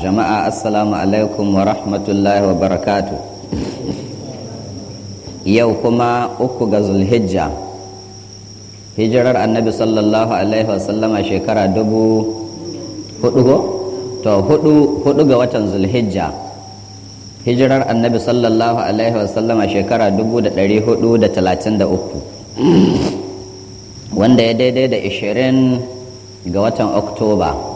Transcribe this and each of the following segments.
jama'a assalamu alaikum wa rahmatullahi wa barakatu yau kuma uku ga zulhijja hijirar annabi sallallahu alaihi wasallama shekara dubu hudu to hudu ga watan zulhijja hijirar annabi sallallahu alaihi wasallama shekara dubu da dari hudu da talatin da uku wanda ya daidai da ishirin ga watan oktoba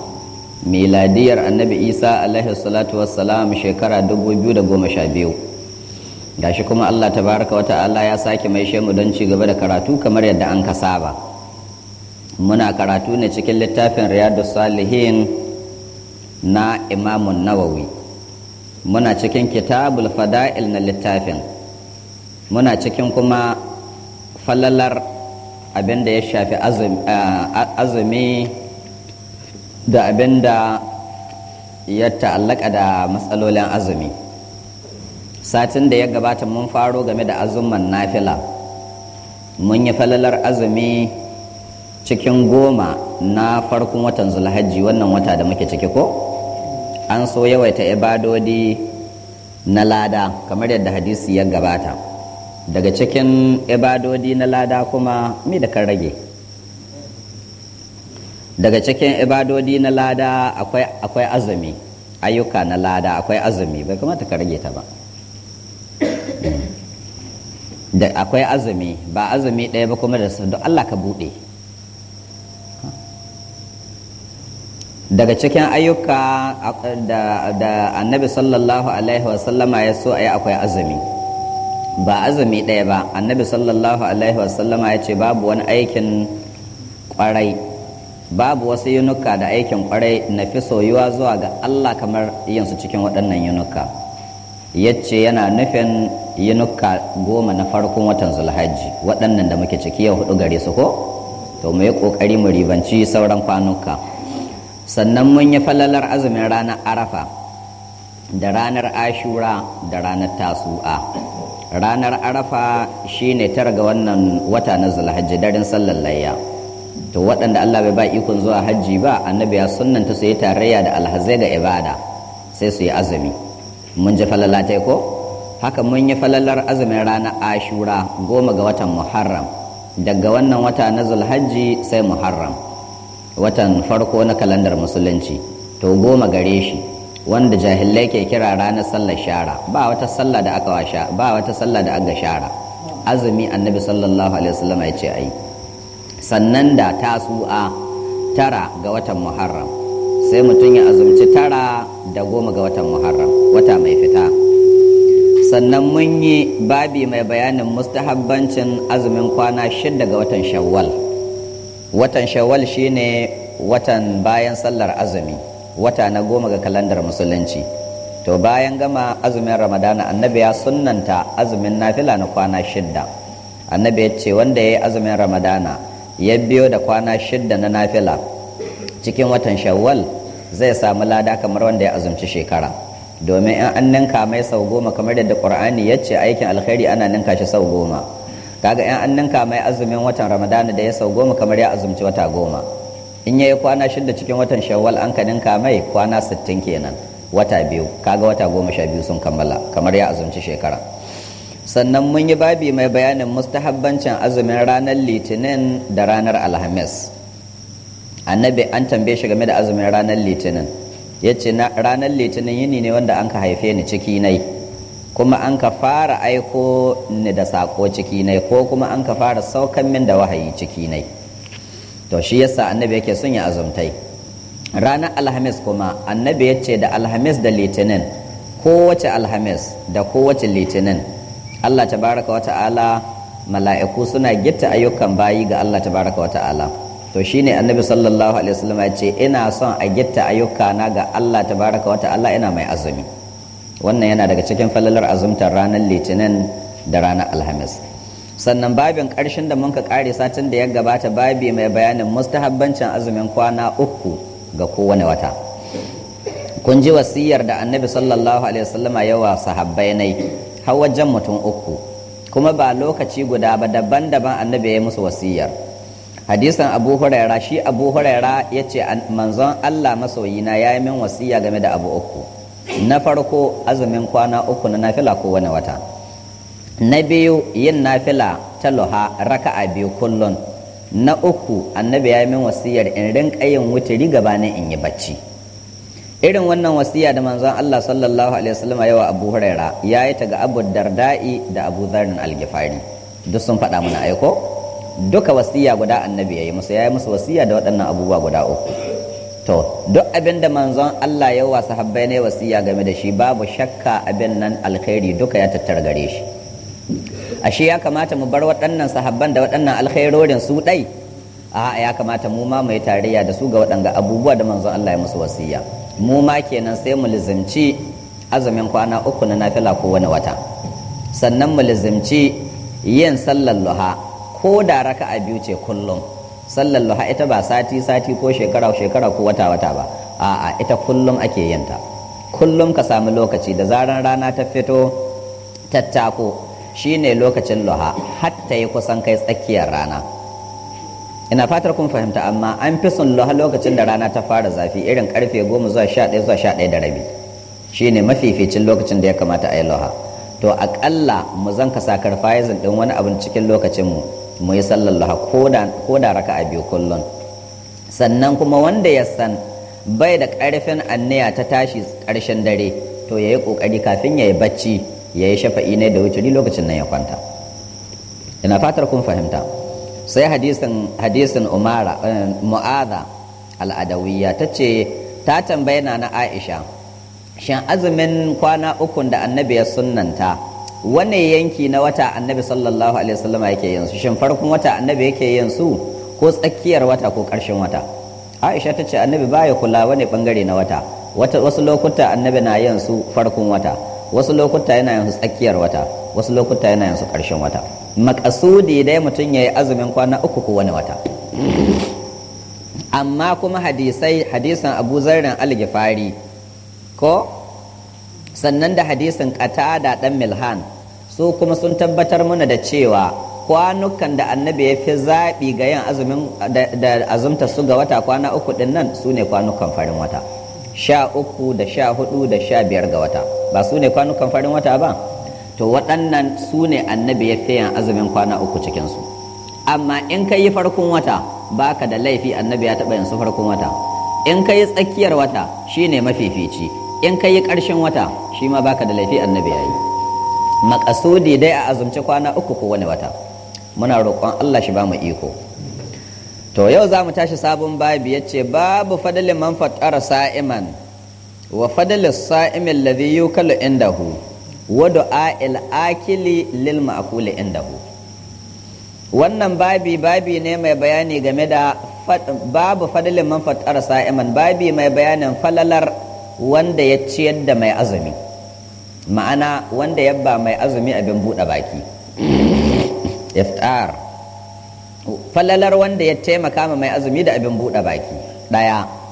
miladiyar annabi isa alaihi salatu wassalam shekara 2012 gashi kuma allah Ta wata Allah ya sake mai shemu don ci gaba da karatu kamar yadda an kasa saba muna karatu ne cikin littafin riyadu salihin na imamun nawawi muna cikin kitabul fada'il na littafin muna cikin kuma falalar abin da ya shafi azumi da abin da ya ta'allaka da matsalolin azumi satin da ya gabata mun faro game da azumman nafila mun yi falalar azumi cikin goma na farkon watan zulhajji wannan wata da muke ciki ko an so yawaita ibadodi na lada kamar yadda hadisi ya gabata daga cikin ibadodi na lada kuma me da kan rage daga cikin ibadodi na lada akwai azumi ayyuka na lada akwai azumi bai kamata ka rage ta ba hmm. da akwai azumi ba azumi ɗaya ba kuma da don Allah ka buɗe daga cikin ayyuka da annabi sallallahu alaihi wasallama ya so a yi akwai azumi ba azumi ɗaya ba annabi sallallahu alaihi wasallama ya ce babu wani aikin ƙwarai babu wasu yunuka da aikin kwarai na fi soyuwa zuwa ga Allah kamar yinsu cikin waɗannan yunuka yace yana nufin yunuka goma na farkon watan zulhajji waɗannan da muke ciki yau hudu gare su ko to mu yi ƙoƙari mu ribanci sauran kwanuka sannan mun yi falalar azumin ranar arafa da ranar ashura da ranar tasu'a ranar arafa shine tara ga wannan wata na zulhajji darin sallar layya to waɗanda Allah bai ba ikon zuwa hajji ba annabi ya sunnanta su yi tarayya da alhazai ga ibada sai su yi azumi mun ji falala ta ko haka mun yi falalar azumin ranar ashura goma ga watan muharram daga wannan wata na zulhajji sai muharram watan farko na kalandar musulunci to goma gare shi wanda jahilai ke kira ranar sallar shara ba wata sallah da aka washa ba wata sallah da aka shara azumi annabi sallallahu alaihi wasallam ya ce ayi sannan da ta su'a tara ga watan muharram sai mutum ya azumci tara da goma ga watan muharram wata mai fita sannan mun yi babi mai bayanin mustahabbancin azumin kwana shidda ga watan shawwal watan shawwal shine watan bayan sallar azumi wata na goma ga kalandar musulunci to bayan gama azumin ramadana annabi ya sunnanta azumin nafila na kwana shidda annabi ya ce wanda ya yi azumin ramadana ya biyo da kwana shidda na nafila cikin watan shawwal zai samu lada kamar wanda ya azumci shekara domin in an ninka mai sau goma kamar yadda qur'ani ya ce aikin alkhairi ana ninka shi sau goma kaga in an ninka mai azumin watan ramadana da ya sau goma kamar ya azumci wata goma in ya yi kwana shidda cikin watan shawwal an ka ninka mai kwana sittin kenan wata biyu kaga wata goma sha biyu sun kammala kamar ya azumci shekara sannan mun yi babi mai bayanin mustahabbancin azumin ranar litinin da ranar alhamis annabi an tambaye shi game da azumin ranar litinin ya ce ranar litinin yini ne wanda an ka haife ni ciki nai kuma an ka fara aiko ni da sako ciki nai ko kuma an ka fara saukan min da wahayi ciki nai to shi yasa annabi yake son ya azumtai ranar alhamis kuma annabi ya ce da alhamis da litinin kowace alhamis da kowace litinin Allah tabaraka wa ta'ala mala'iku suna gitta ayyukan bayi ga Allah tabaraka wa ta'ala to shine annabi sallallahu alaihi wasallam ya ce ina son a gitta ayyuka na ga Allah tabaraka wa ta'ala ina mai azumi wannan yana daga cikin falalar azumtar ranar litinin da ranar alhamis sannan babin ƙarshen da muka kare satin da ya gabata babi mai bayanin mustahabbancin azumin kwana uku ga kowane wata kun ji wasiyar da annabi sallallahu alaihi wasallama yawa sahabbai nai har wajen mutum uku kuma ba lokaci guda ba daban-daban annabi ya musu wasiyar hadisan abu huraira shi abu huraira ya ce manzon allah masoyina ya yi min wasiya game da abu uku na farko azumin kwana uku na nafila kowane wata na biyu yin nafila ta luha raka'a biyu kullum na uku annabi ya yi min wasiyar in rinka yin wuturi gabanin in yi bacci irin wannan wasiya da manzon Allah sallallahu alaihi wasallam yawa Abu ya yi ta ga Abu Darda'i da Abu Dharr al-Ghifari duk sun faɗa mana aiko duka wasiya guda annabi yayi musu yayi musu wasiya da waɗannan abubuwa guda uku to duk abin da manzon Allah ya wa sahabbai ne wasiya game da shi babu shakka abin nan alkhairi duka ya tattara gare shi ashe ya kamata mu bar waɗannan sahabban da waɗannan alkhairorin su ɗai a ya kamata mu ma mai tarayya da su ga waɗanga abubuwa da manzon Allah ya musu wasiya mu ma kenan sai mu lizimci azumin kwana uku na nafila ko wani wata sannan mu lizimci yin sallar luha ko da raka a biyu ce kullum sallar luha ita ba sati sati ko shekara shekara ko wata wata ba a'a ita kullum ake yin ta kullum ka samu lokaci da zaran rana ta fito tattako shine lokacin luha hatta yi kusan kai tsakiyar rana ina fatar kun fahimta amma an fi son lokacin da rana ta fara zafi irin karfe goma zuwa sha zuwa sha da rabi shine mafificin lokacin da ya kamata a yi loha to akalla mu zan ka sakar fayizin din wani abin cikin lokacin mu mu yi sallar loha ko da raka a biyu kullum sannan kuma wanda ya san bai da ƙarfin anniya ta tashi karshen dare to ya yi ƙoƙari kafin ya yi bacci ya yi shafa'i ne da wuturi lokacin nan ya kwanta ina fatar kun fahimta sai hadisin hadisin umara eh, mu'adha al'adawiyya ta ce ta tambaye na na aisha shin azumin kwana ukun da annabi ya sunnanta wane yanki na wata annabi sallallahu alaihi wasallam yake yin su shin farkon wata annabi yake yin su ko tsakiyar wata ko ƙarshen wata aisha ta ce annabi baya kula wani bangare na wata wasu lokuta annabi na yin su farkon wata wasu lokuta yana yin su tsakiyar wata wasu lokuta yana yin su ƙarshen wata makasudi dai mutum ya yi azumin kwana uku ko wani wata amma kuma hadisai hadisan abu zarren algifari ko sannan da hadisin kata da dan milhan su kuma sun tabbatar mana da cewa kwanukan da annabi ya fi zaɓi ga yin azumin da azumta su ga wata kwana uku din nan su ne kwanukan farin wata sha uku da sha hudu da sha biyar ga wata ba su ne kwanukan farin wata ba to waɗannan su ne annabi ya fiye azumin kwana uku cikinsu amma in ka yi farkon wata ba ka da laifi annabi ya taɓa yansu farkon wata in ka yi tsakiyar wata shi ne mafifici in ka yi ƙarshen wata shi ma ba ka da laifi annabi ya yi Maƙasudi dai a azumci kwana uku ko wani wata muna roƙon allah shi ba mu iko to yau za mu tashi sabon babi ya ce babu fadalin man fatara sa'iman wa fadalin sa'imin ladhi yukalu indahu wada a'il akili lil ma'kuli indahu wannan babi babi ne mai bayani game da babu fadilin man fatara sa'iman babi mai bayanin falalar wanda ya ciyar da mai azumi ma'ana wanda ya ba mai azumi abin buɗe baki iftar falalar wanda ya taimaka ma mai azumi da abin buɗe baki ɗaya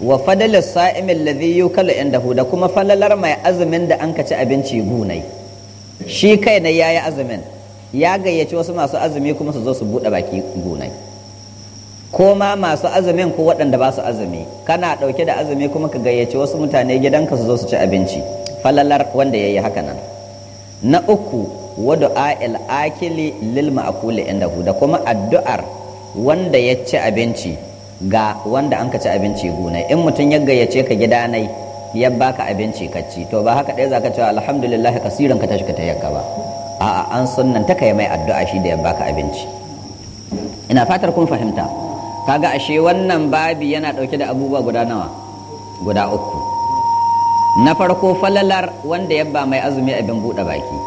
wa fadala sa'imin ladhi yukala indahu da kuma falalar mai azumin da an kaci abinci gunai shi kai na yayi azumin ya gayyaci wasu masu azumi kuma su zo su bude baki gunai ko ma masu azumin ko waɗanda ba su azumi kana ɗauke da azumi kuma ka gayyaci wasu mutane gidanka su zo su ci abinci falalar wanda yayi haka nan na uku wadu A'il akili lil ma'kuli indahu da kuma addu'ar wanda ya ci abinci ga wanda an ka abinci gona in mutum ya gayyace ka gida nai ya baka abinci ka ci to ba haka ɗaya zaka cewa alhamdulillah kasiran ka tashi ka tayyaka ba a'a an sunnan ta kai mai addu'a shi da ya baka abinci ina fatar kun fahimta kaga ashe wannan babi yana ɗauke da abubuwa guda nawa guda uku na farko falalar wanda ya ba mai azumi abin buɗe baki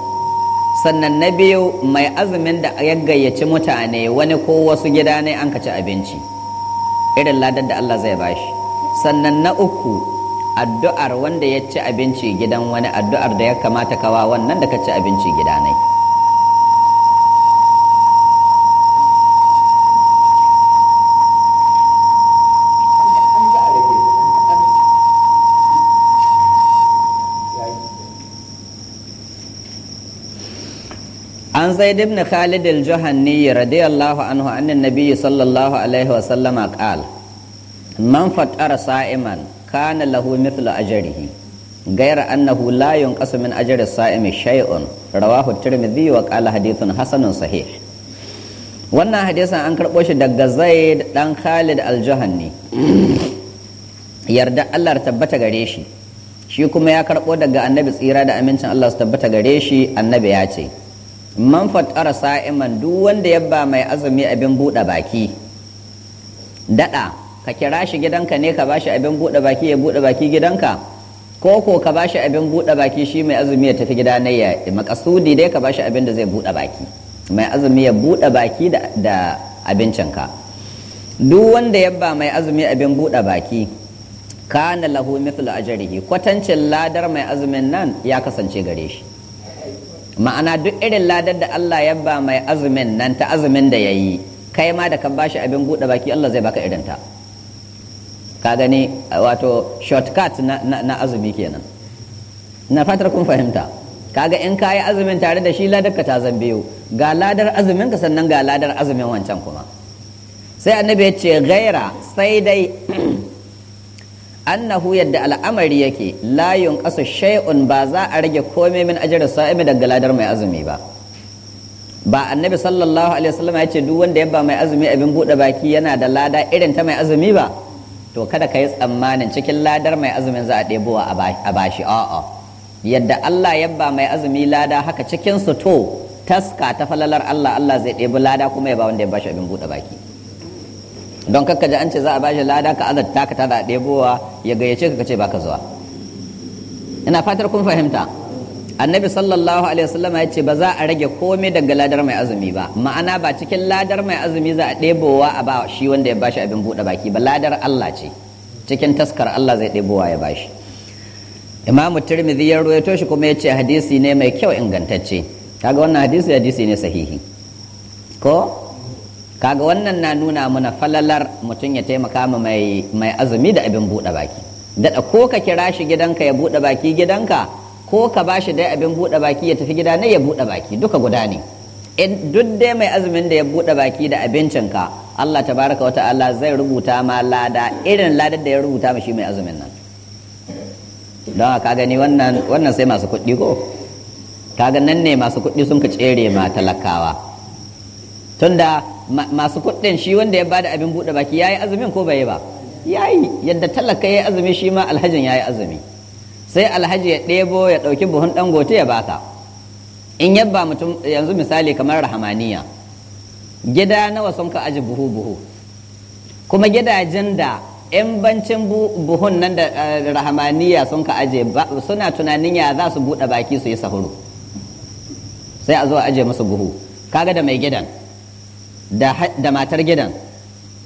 sannan na biyu mai azumin da ya gayyaci mutane wani ko wasu gida ne an ka abinci irin ladar da Allah zai bashi sannan na uku addu'ar wanda ya ci abinci gidan wani addu'ar da ya kamata kawa wannan da ka ci abinci gida gidanai عن زيد بن خالد الجهني رضي الله عنه عن النبي صلى الله عليه وسلم قال من فطر صائما كان له مثل أجره غير أنه لا ينقص من أجر الصائم شيء رواه الترمذي وقال حديث حسن صحيح wannan hadisin an karɓo shi daga zaid ɗan khalid aljahanni yarda allah tabbata gare shi shi kuma ya karɓo daga annabi tsira da amincin allah su tabbata gare shi annabi ya ce man fatara sa'iman duk wanda ya ba mai azumi abin buɗe baki daɗa ka kira shi gidanka ne ka bashi abin buɗe baki ya buɗe baki gidanka ko ko ka bashi abin buɗe baki shi mai azumi ya tafi gida ne ya makasudi dai ka bashi abin da zai buɗe baki mai azumi ya buɗe baki da, da abincinka duk wanda ya ba mai azumi abin buɗe baki kana lahu mithlu ajrihi kwatancin ladar mai azumin nan ya kasance gare shi ma'ana duk irin ladar da Allah ya ba mai azumin nan ta azumin da ya yi kai ma da ka ba shi abin buɗe baki Allah zai baka irin ta ka gani wato shortcut na, na, azumi kenan na fatar kun fahimta kaga in ka yi azumin tare da shi ladar ka ta zan biyu ga ladar azumin ka sannan ga ladar azumin wancan kuma sai annabi ya ce gaira sai dai annahu yadda al'amari yake layun ƙasa shay'un ba za a rage komai min ajiyar sa'imi daga ladar mai azumi ba ba annabi sallallahu alaihi wasallam ya ce duk wanda ya ba mai azumi abin buɗe baki yana da lada irin ta mai azumi ba to kada ka yi tsammanin cikin ladar mai azumin za a ɗebowa a bashi a'a yadda Allah ya ba mai azumi lada haka cikin su to taska ta falalar Allah Allah zai ɗebi lada kuma ya ba wanda ya bashi abin buɗe baki don kakka ji an ce za a bashi lada ka azarta ka tada ɗebowa ya gayyace ka ce baka zuwa ina fatar kun fahimta annabi sallallahu alaihi wasallam ya ce ba za a rage komai daga ladar mai azumi ba ma'ana ba cikin ladar mai azumi za a ɗebowa a ba shi wanda ya bashi abin buɗe baki ba ladar Allah ce cikin taskar Allah zai ɗebowa ya bashi imamu tirmidhi ya ruwaito shi kuma ya ce hadisi ne mai kyau ingantacce kaga wannan hadisi hadisi ne sahihi ko kaga wannan na nuna mana falalar mutum ya taimaka ma mai azumi da abin buɗe baki daɗa ko ka kira shi gidanka ya buɗe baki gidanka ko ka ba shi dai abin buɗe baki ya tafi gida ne ya buɗe baki duka guda ne duk dai mai azumin da ya buɗe baki da abincinka Allah tabaraka wa ta'ala zai rubuta ma lada irin ladar da ya rubuta ma shi mai azumin nan don ka gani wannan wannan sai masu kuɗi ko kaga nan ne masu kuɗi sun ka tsere ma talakawa tunda masu kuɗin shi wanda ya bada abin buɗe baki yayi azumin ko bai ba yayi yadda talaka ya yayi azumi shi ma alhajin yayi azumi sai alhaji ya ɗebo ya ɗauki buhun ɗan gote ya baka in yabba mutum yanzu misali kamar rahamaniya gida nawa sun ka aji buhu buhu kuma gidajen da yan bancin buhun nan da eh, rahamaniya sun ka aje suna tunanin ya za su buɗe baki su yi sahuru sai a zo aje musu buhu kaga da mai gidan da matar gidan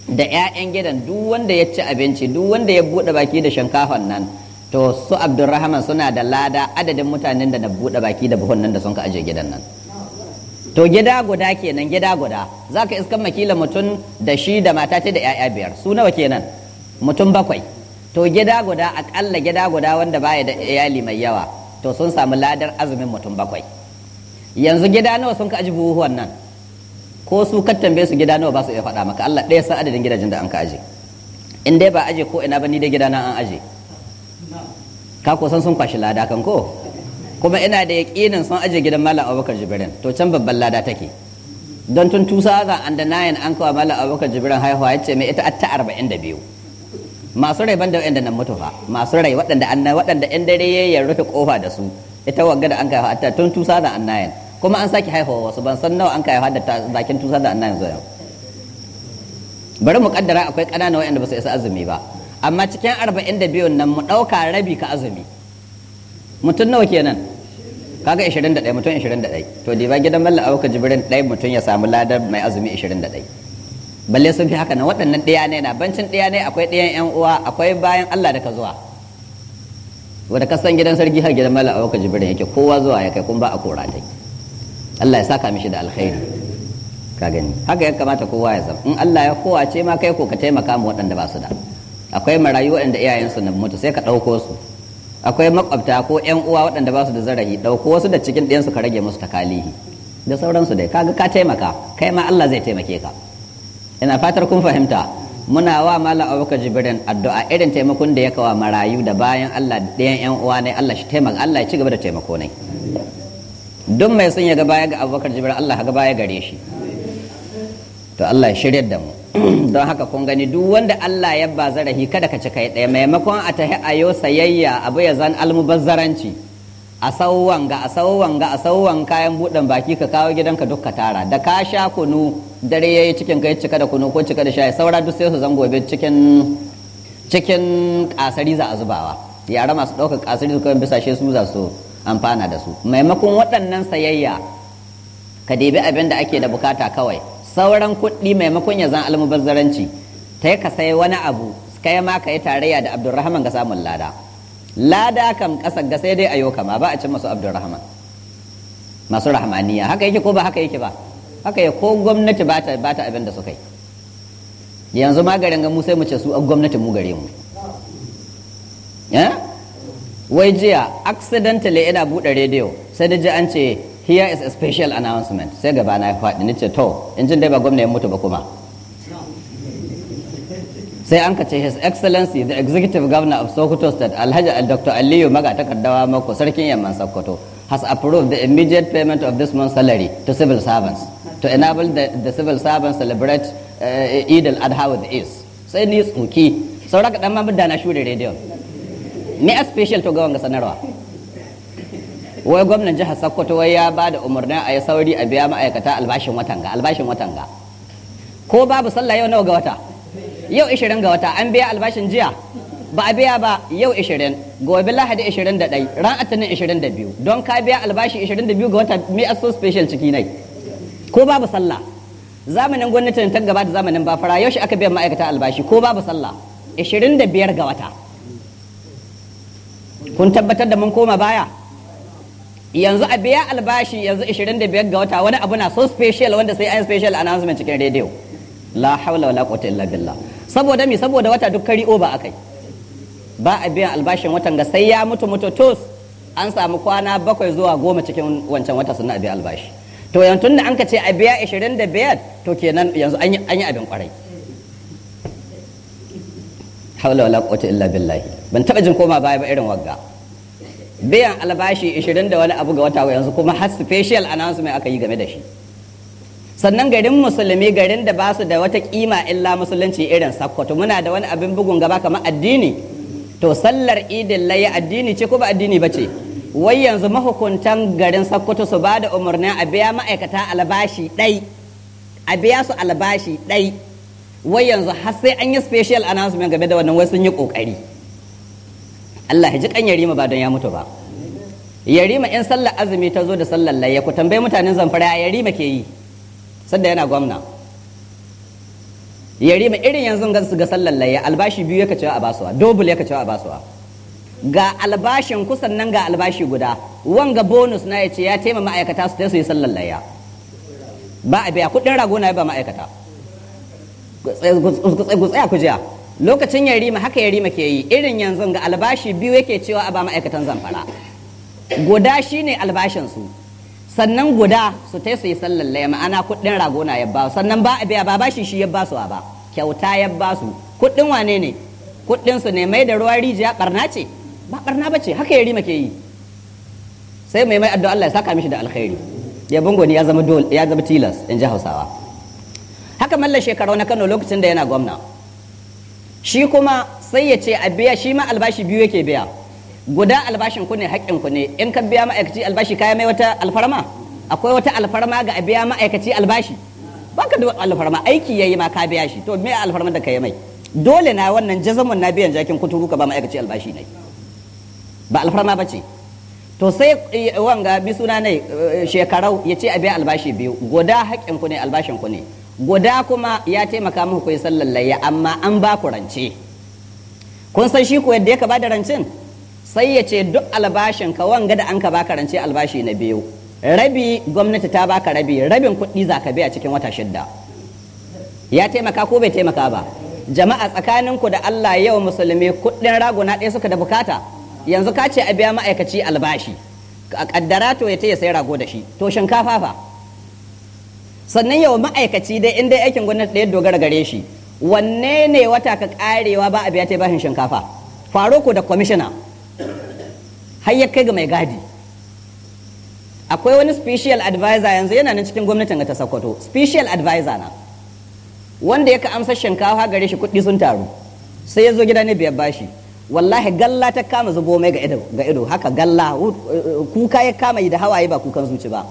da 'ya'yan gidan duk wanda ya ci abinci duk wanda ya buɗe baki da shinkafan nan to su abdurrahman suna da lada adadin mutanen da na buɗe baki da buhun nan da sun ka aje gidan nan to gida guda kenan gida guda za ka iskan makila mutum da shi da mata ta da 'ya'ya biyar su nawa kenan mutum bakwai to gida guda akalla gida guda wanda baya da iyali mai yawa to sun samu ladar azumin mutum bakwai yanzu gida nawa sun ka ajiye buhuwan nan ko su ka tambaye su gida nawa ba su iya faɗa maka Allah ɗaya san adadin gidajen da an ka aje in dai ba aje ko ina ba ni dai gidana an aje ka ko san sun kwashi lada kan ko kuma ina da yaƙinin sun aje gidan Malam Abubakar Jibrin to can babban lada take don tun tusa 2009 an kawo Malam Abubakar Jibrin haihuwa yace mai ita atta 42 masu rai banda waɗanda nan mutu fa masu rai waɗanda an waɗanda ɗan dare ya rufe kofa da su ita wagga da an kai hatta tun tusa an nayin kuma an sake haihuwa wasu ban san nawa an ka haihuwa da bakin tusa da annan yanzu yau bari mu kaddara akwai ƙanana waɗanda ba su isa azumi ba amma cikin arba'in da biyun nan mu ɗauka rabi ka azumi mutum nawa kenan kaga 21 mutum 21 to diba gidan malla auka jibrin ɗaya mutum ya samu ladar mai azumi 21 balle sun fi haka nan waɗannan ɗaya ne na bancin ɗaya ne akwai ɗayan ƴan uwa akwai bayan Allah da ka zuwa wanda kasan gidan sarki har gidan malla auka jibrin yake kowa zuwa ya kai kun ba a kora dai Allah ya saka mishi da alkhairi ka gani haka ya kamata kowa ya san. in Allah ya kowa ce ma kai ko ka taimaka mu waɗanda ba su da akwai marayu waɗanda iyayensu na mutu sai ka ɗauko su akwai makwabta ko ƴan uwa waɗanda ba su da zarahi ɗauko wasu da cikin ɗiyansu ka rage musu takalihi da sauransu dai kaga ka taimaka kai ma Allah zai taimake ka ina fatar kun fahimta muna wa malam abuka jibrin addu'a irin taimakon da ya kawa marayu da bayan Allah ɗayan ƴan uwa ne Allah shi taimaka Allah ya ci gaba da taimako ne duk mai son ya ga baya ga abubakar jibril Allah ga baya gare shi to Allah ya shirya da mu don haka kun gani duk wanda Allah ya ba zarafi kada ka cika ya ɗaya maimakon a tahi yau sayayya abu ya zan almubazzaranci a sauwan ga a sauwan ga a sauwan kayan buɗan baki ka kawo gidanka duk ka tara da ka sha kunu dare yayi cikin kai cika da kunu ko cika da shayi saura duk sai su zan gobe cikin cikin kasari za a zubawa yara masu ɗaukar kasari su kawai bisa shi su za su amfana da su maimakon waɗannan sayayya ka debi abin da ake da bukata kawai sauran kuɗi maimakon ya zan almubazzaranci ta ka sai wani abu kai ma ka yi tarayya da abdurrahman ga samun lada lada kam ƙasar ga sai dai ayo kama ba a cin masu abdurrahman masu rahmaniya haka yake ko ba haka yake ba haka ya ko gwamnati ba ta abin da suka yi yanzu ma garin ga mu sai mu ce su gwamnati mu gare mu eh? wai jiya accidentally ina buɗe rediyo sai da ji an ce here is a special announcement sai gaba na faɗi ni ce to in jin dai ba gwamna ya mutu ba kuma sai an ka ce his excellency the executive governor of sokoto state alhaji al dr aliyu maga takardawa mako sarkin yamman sokoto has approved the immediate payment of this month's salary to civil servants to enable the, the civil servants celebrate uh, Eid al-Adha with ease. Sai ni tsoki, saura dan mamu da na shure rediyo me a special to ga wanga sanarwa wai gwamnan jihar Sokoto wai ya ba da umarni a yi sauri a biya ma'aikata albashin watan ga albashin watan ga ko babu sallah yau nawa ga wata yau 20 ga wata an biya albashin jiya ba a biya ba yau 20 gobe lahadi 21 ran atanin 22 don ka biya albashi 22 ga wata me aso special ciki nai ko babu sallah zamanin gwamnatin ta gaba da zamanin bafara yau shi aka biya ma'aikata albashi ko babu sallah 25 ga wata kun tabbatar da mun koma baya yanzu a biya albashi yanzu 25 ga wata wani abu na so special wanda sai an special announcement cikin rediyo la haula wala quwwata illa billah saboda mi saboda wata duk kari ba akai ba a biyan albashin watan ga sai ya mutu mutu tos an samu kwana bakwai zuwa goma cikin wancan wata sannan a biya albashi to yanzu da an ka ce a biya 25 to kenan yanzu an yi abin kwarai haula wala quwwata illa billahi ban taba jin koma baya ba irin wagga biyan albashi 20 da wani abu ga wata yanzu kuma har special announcement aka yi game da shi sannan garin musulmi garin da ba su da wata kima illa musulunci irin sakkwato muna da wani abin bugun gaba kamar addini to sallar idin layi addini ce ko ba addini ba ce wai yanzu mahukuntan garin sakkwato su ba da umarnin a biya ma'aikata albashi ɗai a biya su albashi ɗai wai yanzu har sai an yi special announcement game da wannan wai sun yi kokari Allah ya ji kan yarima ba don ya mutu ba yarima in sallar azumi ta zo da sallar layya ku tambayi mutanen zamfara ya yarima ke yi sanda yana gwamna yarima irin yanzu ga su ga sallar layya albashi biyu ya cewa a basuwa dobul ya cewa a basuwa ga albashin kusan nan ga albashi guda wanga bonus na ya ce ya taimaka ma'aikata su ta su yi sallar layya ba a biya kuɗin rago na ba ma'aikata ku tsaya ku jiya lokacin rima haka rima ke yi irin yanzu ga albashi biyu yake cewa a ba ma'aikatan zamfara guda shi ne albashinsu sannan guda su ta su yi sallar laye ma'ana kuɗin ragona ya ba sannan ba a biya ba bashi shi ya ba su ba kyauta ya ba su kuɗin wane ne kuɗin su ne mai da ruwan rijiya barna ce ba barna ba ce haka rima ke yi sai mai mai addu'a Allah ya saka mishi da alkhairi ya bungo ya zama tilas in ji Hausawa haka malla shekaru na kano lokacin da yana gwamna shi kuma sai ya ce a biya shi ma albashi biyu yake biya guda albashin ku ne haƙƙin ku ne in ka biya ma'aikaci albashi kaya mai wata alfarma akwai wata alfarma ga a biya ma'aikaci albashi baka da alfarma aiki yayi ma ka biya shi to me alfarma da kai mai dole na wannan jazamun na biyan jakin kuturu ka ba ma'aikaci albashi ne ba alfarma ba ce to sai wanga bi suna ne eh, shekarau ya ce a biya albashi biyu guda haƙƙin ku ne albashin ku ne guda kuma ya taimaka muku kuyi sallar layya amma an ba ku rance kun san shi ko yadda ya ba da rancin sai ya ce duk albashin ka wanga da an ka baka rance albashi na biyu rabi gwamnati ta baka rabi rabin kuɗi za ka biya cikin wata shidda ya taimaka ko bai taimaka ba jama'a tsakanin ku da Allah yau musulmi kuɗin na ɗaya suka da bukata yanzu ka ce a biya ma'aikaci albashi a kaddara to ya ta ya sai rago da shi to shinkafa fa sannan yau ma'aikaci dai inda aikin gwamnati ɗaya dogara gare shi wanne ne wata ka karewa ba a biya ta bashin shinkafa ko da kwamishina har ya kai ga mai gadi akwai wani special advisor yanzu yana nan cikin gwamnatin ga ta sokoto special advisor na wanda yaka amsa shinkafa gare shi kuɗi sun taru sai ya zo gida ne biyar bashi wallahi galla ta kama zubo mai ga ido haka galla uh, uh, kuka ya kama yi da hawaye ba kukan zuci ba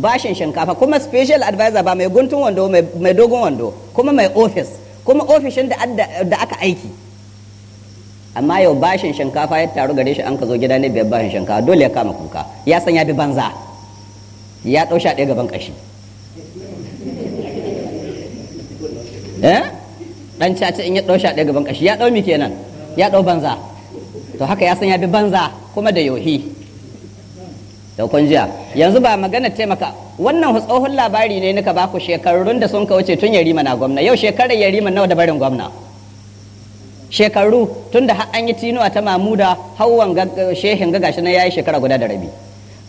bashin shinkafa kuma special advisor ba mai guntun wando mai dogon wando kuma mai office kuma ofishin da aka aiki amma yau bashin shinkafa ya taru gare shi an ka zo gida ne biyar bashin shinkafa dole ya kama kuka ya san ya bi banza ya ɗau sha ɗaya gaban ƙashi eh? ɗan caca in ya ɗaushe ɗaya gaban ƙashi ya ɗau mi kenan ya ɗau banza to haka ya san ya bi banza kuma da yohi da kun jiya yanzu ba magana taimaka wannan tsohon labari ne nika baku shekarun da sun ka wuce tun yarima na gwamna yau shekarar yarima nawa da barin gwamna shekaru tun da an yi tinuwa ta mamuda hawan eh, shehin ga gashi na yayi shekara guda da rabi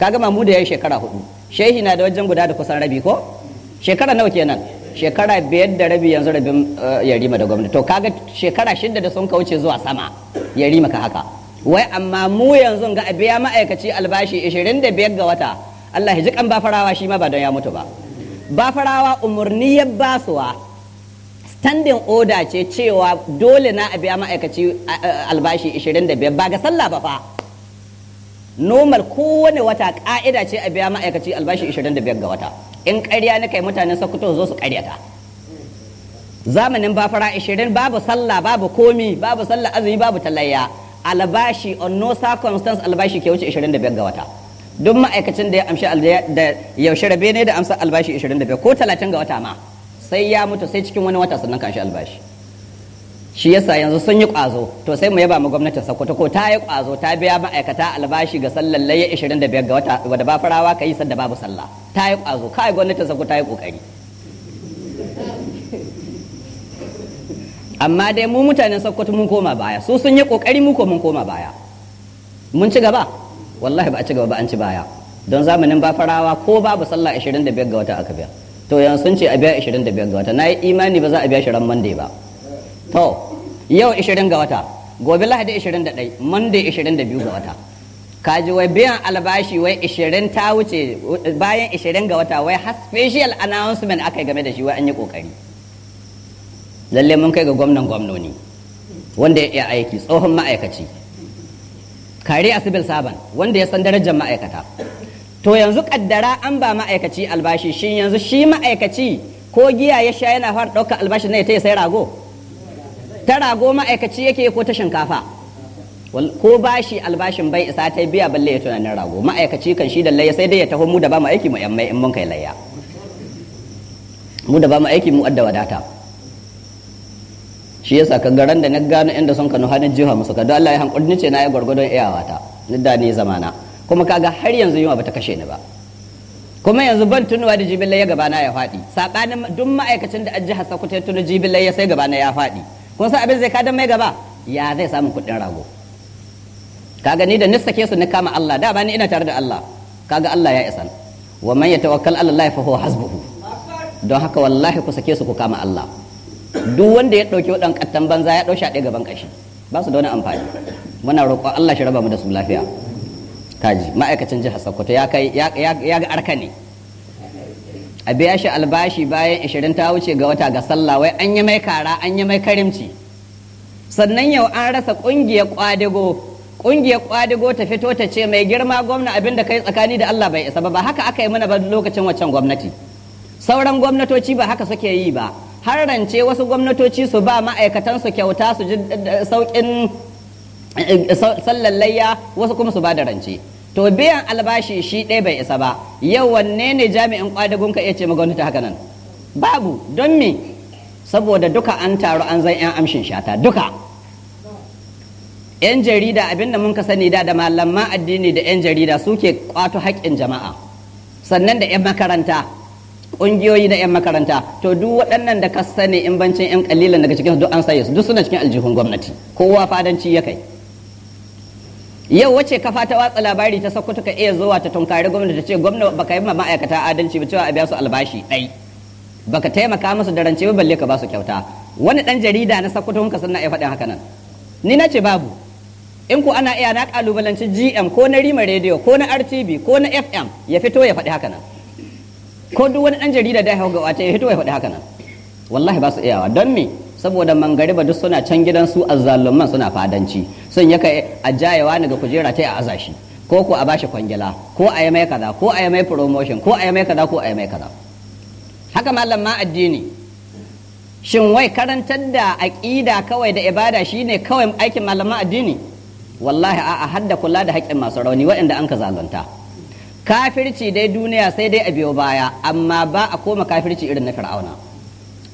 kaga mamuda yayi shekara hudu shehi na da wajen guda da kusan rabi ko shekara nawa kenan shekara biyar da rabi yanzu rabin eh, yarima da gwamna to kaga shekara shida da sun ka wuce zuwa sama yarima ka haka wai amma mu yanzu ga biya ma'aikaci albashi 25 ga wata Allah ya ji kan ba farawa shi ma ba don ya mutu ba Ba farawa umarni ya basuwa standing order ce cewa dole na a biya ma'aikaci albashi 25 ba ga sallah ba fa normal kowane wata ka'ida ce a biya ma'aikaci albashi 25 ga wata in ƙarya na kai mutanen sokoto zo su ƙaryata zamanin ba fara 20 babu sallah babu komi babu sallah azumi babu talayya albashi on no circumstance albashi ke wuce 25 ga wata duk ma'aikacin da ya amshi da yaushe rabe ne da amsa albashi 25 ko 30 ga wata ma sai ya mutu sai cikin wani wata sannan kashi albashi shi yasa yanzu sun yi kwazo to sai mu yaba mu gwamnatin Sokoto ko ta yi kwazo ta biya ma'aikata albashi ga sallar layya 25 ga wata wadda ba farawa kai sadda babu sallah ta yi kwazo kai gwamnatin Sokoto ta yi kokari amma dai mu mutanen sokoto mun koma baya su sun yi kokari mu ko mun koma baya mun ci gaba wallahi ba a ci gaba ba an ci baya don zamanin ba farawa ko babu sallah 25 ga wata aka biya to yanzu sun ce a biya 25 ga wata na yi imani ba za a biya shi ran monday ba to yau 20 ga wata gobe lahadi 21 monday 22 ga wata kaji wai biyan albashi wai 20 ta wuce bayan 20 ga wata wai har special announcement aka yi game da shi wai an yi kokari lalle mun kai ga gwamnan gwamnoni wanda ya aiki tsohon ma'aikaci kare asibil saban wanda ya san darajar ma'aikata to yanzu kaddara an ba ma'aikaci albashi shin yanzu shi ma'aikaci ko giya ya sha yana fara ɗaukar albashi ne ta ya sai rago ta rago ma'aikaci yake ko ta shinkafa ko bashi albashin bai isa ta biya balle ya tunanin rago ma'aikaci kan shi da layya sai dai ya taho mu da ba mu aiki mu yan mai in mun kai layya mu da ba mu aiki mu adda wadata shi yasa ka garan da na gano inda son ka nuhanin jiha musu ka don Allah ya hankali ni ce na yi gwargwadon iyawata ni da ni na kuma kaga har yanzu yunwa bata kashe ni ba kuma yanzu ban tunuwa da jibillai ya gabana ya faɗi saɓanin duk ma'aikacin da ajiyar sakuta ya tunu jibillai ya sai gabana ya faɗi kun san abin zai kada mai gaba ya zai samu kuɗin rago kaga ni da nista ke su ni kama Allah da ba ni ina tare da Allah kaga Allah ya isa wa man yatawakkal ala Allah fa huwa hasbuhu don haka wallahi ku sake su ku kama Allah duk wanda ya ɗauki waɗan ƙattan banza ya ɗau shaɗe gaban ƙashi ba su da amfani muna roƙon Allah shi raba mu da su lafiya kaji ma'aikacin jihar Sokoto ya kai ya ga arka ne a biya shi albashi bayan ishirin ta wuce ga wata ga sallah wai an yi mai kara an yi mai karimci sannan yau an rasa ƙungiyar ƙwadago ƙungiyar kwadigo ta fito ta ce mai girma gwamna abin da kai tsakani da Allah bai isa ba haka aka yi mana ba lokacin waccan gwamnati sauran gwamnatoci ba haka suke yi ba Har rance wasu gwamnatoci su ba ma'aikatansu kyauta su ji eh, eh, sauƙin eh, sallallayya wasu kuma su ba da rance to biyan albashi shi ɗaya bai isa ba yau wanne ne jami'in kwadagun ka iya ce magwamnati haka nan babu don me saboda duka an taru an zan 'yan amshin shata duka 'yan jarida abinda mun ka sani da da malaman addini da 'yan jarida suke kwato haƙƙin jama'a sannan da 'yan makaranta ƙungiyoyi na 'yan makaranta to duk waɗannan da ka sani in bancin 'yan kalilan daga cikin duk an saye su duk suna cikin aljihun gwamnati kowa fadanci ya kai yau wace kafa ta watsa labari ta sako ka iya zuwa ta tunkari gwamnati ta ce gwamna baka yi ma ma'aikata adalci ba cewa a biya su albashi ɗai baka taimaka musu da rance ba balle ka ba su kyauta wani ɗan jarida na sako ka sannan ya faɗin haka nan ni na ce babu in ku ana iya na kalubalanci gm ko na rima rediyo ko na rtb ko na fm ya fito ya faɗi haka nan ko duk wani dan jarida da ya ga wace ya hito ya faɗi haka nan wallahi ba su iyawa don me saboda mangariba duk suna can gidan su azzalumman suna fadanci sun yaka eh, a jayewa ne ga kujera ta a azashi ko ko a bashi kwangila ko a yi mai kaza ko a yi mai promotion ko a yi mai kaza ko a yi mai kaza haka malam ma addini shin wai karantar da aƙida kawai da ibada shine kawai aikin malaman addini wallahi a'a hadda kula da haƙƙin masu rauni waɗanda an ka zalunta kafirci dai duniya sai dai a biyo baya amma ba a koma kafirci irin na fir'auna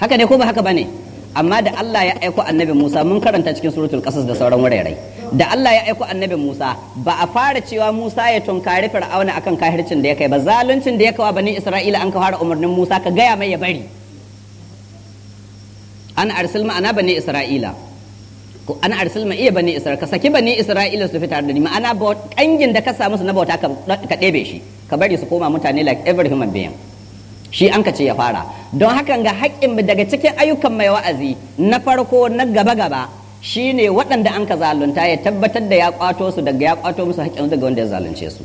haka ne ko ba haka bane amma da Allah ya aiko annabi Musa mun karanta cikin suratul qasas da sauran wurare da Allah ya aiko annabi Musa ba a fara cewa Musa ya tunkari fir'auna akan kafircin da ya kai ba zaluncin da ya kawa bani Isra'ila an ka fara umarnin Musa ka gaya mai ya bari an arsil ma'ana bani Isra'ila ko an arsal ma iya bani isra'ila ka saki bani isra'ila su fitar da ni ma'ana kangin da ka samu su na bauta ka ɗebe shi ka bari su koma mutane like every human being shi an ka ce ya fara don hakan ga haƙƙin daga cikin ayyukan mai wa'azi na farko na gaba gaba shine waɗanda an ka zalunta ya tabbatar da ya kwato su daga ya kwato musu haƙƙin daga wanda ya zalunce su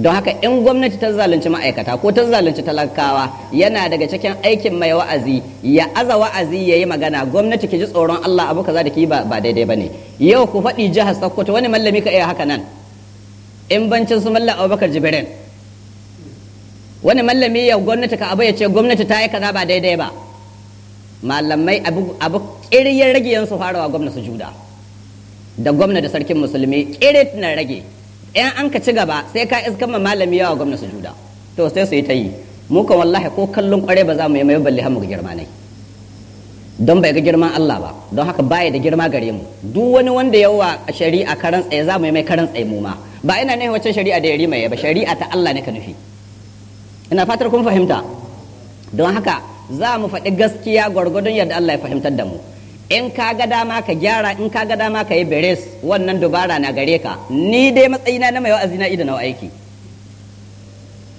don haka in gwamnati ta zalunci ma'aikata ko ta zalunci talakawa yana daga cikin aikin mai wa'azi ya aza wa'azi ya yi magana gwamnati ki ji tsoron Allah abu kaza da ki ba daidai ba ne yau ku faɗi jihar Sokoto wani mallami ka iya haka nan in bancin su mallam Abubakar Jibrin wani mallami ya gwamnati ka abu ya ce gwamnati ta yi kaza ba daidai ba malamai abu abu rage yansu farawa gwamnati su juda da gwamnati da sarkin musulmi ƙira na rage yan an ka ci gaba sai ka iska ma malami yawa gwamna su juda to sai su yi ta yi mu kan wallahi ko kallon kware ba za mu yi mai balle mu ga girma ne don bai ga girman Allah ba don haka baya da girma gare mu duk wani wanda yawa shari'a karan tsaye za mu yi mai karan tsaye mu ma ba ina ne wacce shari'a da yari mai ba shari'a ta Allah ne ka nufi ina fatar kun fahimta don haka za mu faɗi gaskiya gwargwadon yadda Allah ya fahimtar da mu in ka ga dama ka gyara in ka ga dama ka yi beres wannan dubara na gare ka ni dai matsayina na mai wa'azi na ida na aiki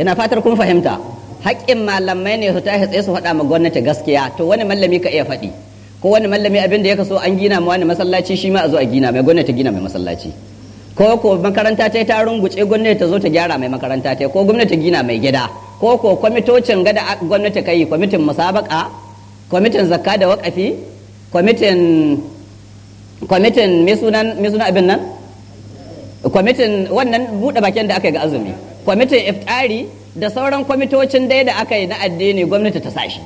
ina fatar kun fahimta haƙƙin malamai ne su ta tsaye su faɗa ma gwamnati gaskiya to wani mallami ka iya faɗi ko wani mallami abin da ya kaso an gina ma wani masallaci shi ma a zo a gina mai gwamnati gina mai masallaci ko ko makaranta ta ta runguce gwamnati ta zo ta gyara mai makaranta ta ko gwamnati gina mai gida ko ko kwamitocin gada gwamnati kai kwamitin musabaka kwamitin zakka da waƙafi kwamitin kwamitin mai sunan abin nan kwamitin wannan buɗe bakin da aka yi ga azumi kwamitin iftari da sauran kwamitocin dai da aka yi na addini gwamnati ta sashi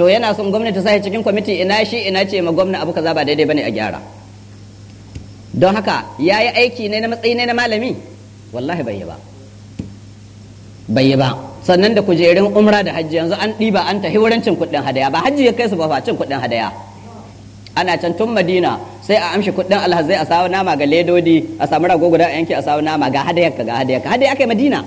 to yana son gwamnati ta sashi cikin kwamiti ina shi ina ce ma gwamna abu kaza ba daidai bane a gyara don haka ya yi aiki ne na matsayi ne na malami wallahi bai yi ba bai yi ba sannan da kujerun umra da hajji yanzu an ɗiba an tahi wurin cin kuɗin hadaya ba hajji ya kai su ba cin kuɗin hadaya ana can tun madina sai a amshi kuɗin alhazai a sawo nama ga ledodi a samu rago guda a yanki a sawo nama ga hadayarka ga hadayarka hadaya kai madina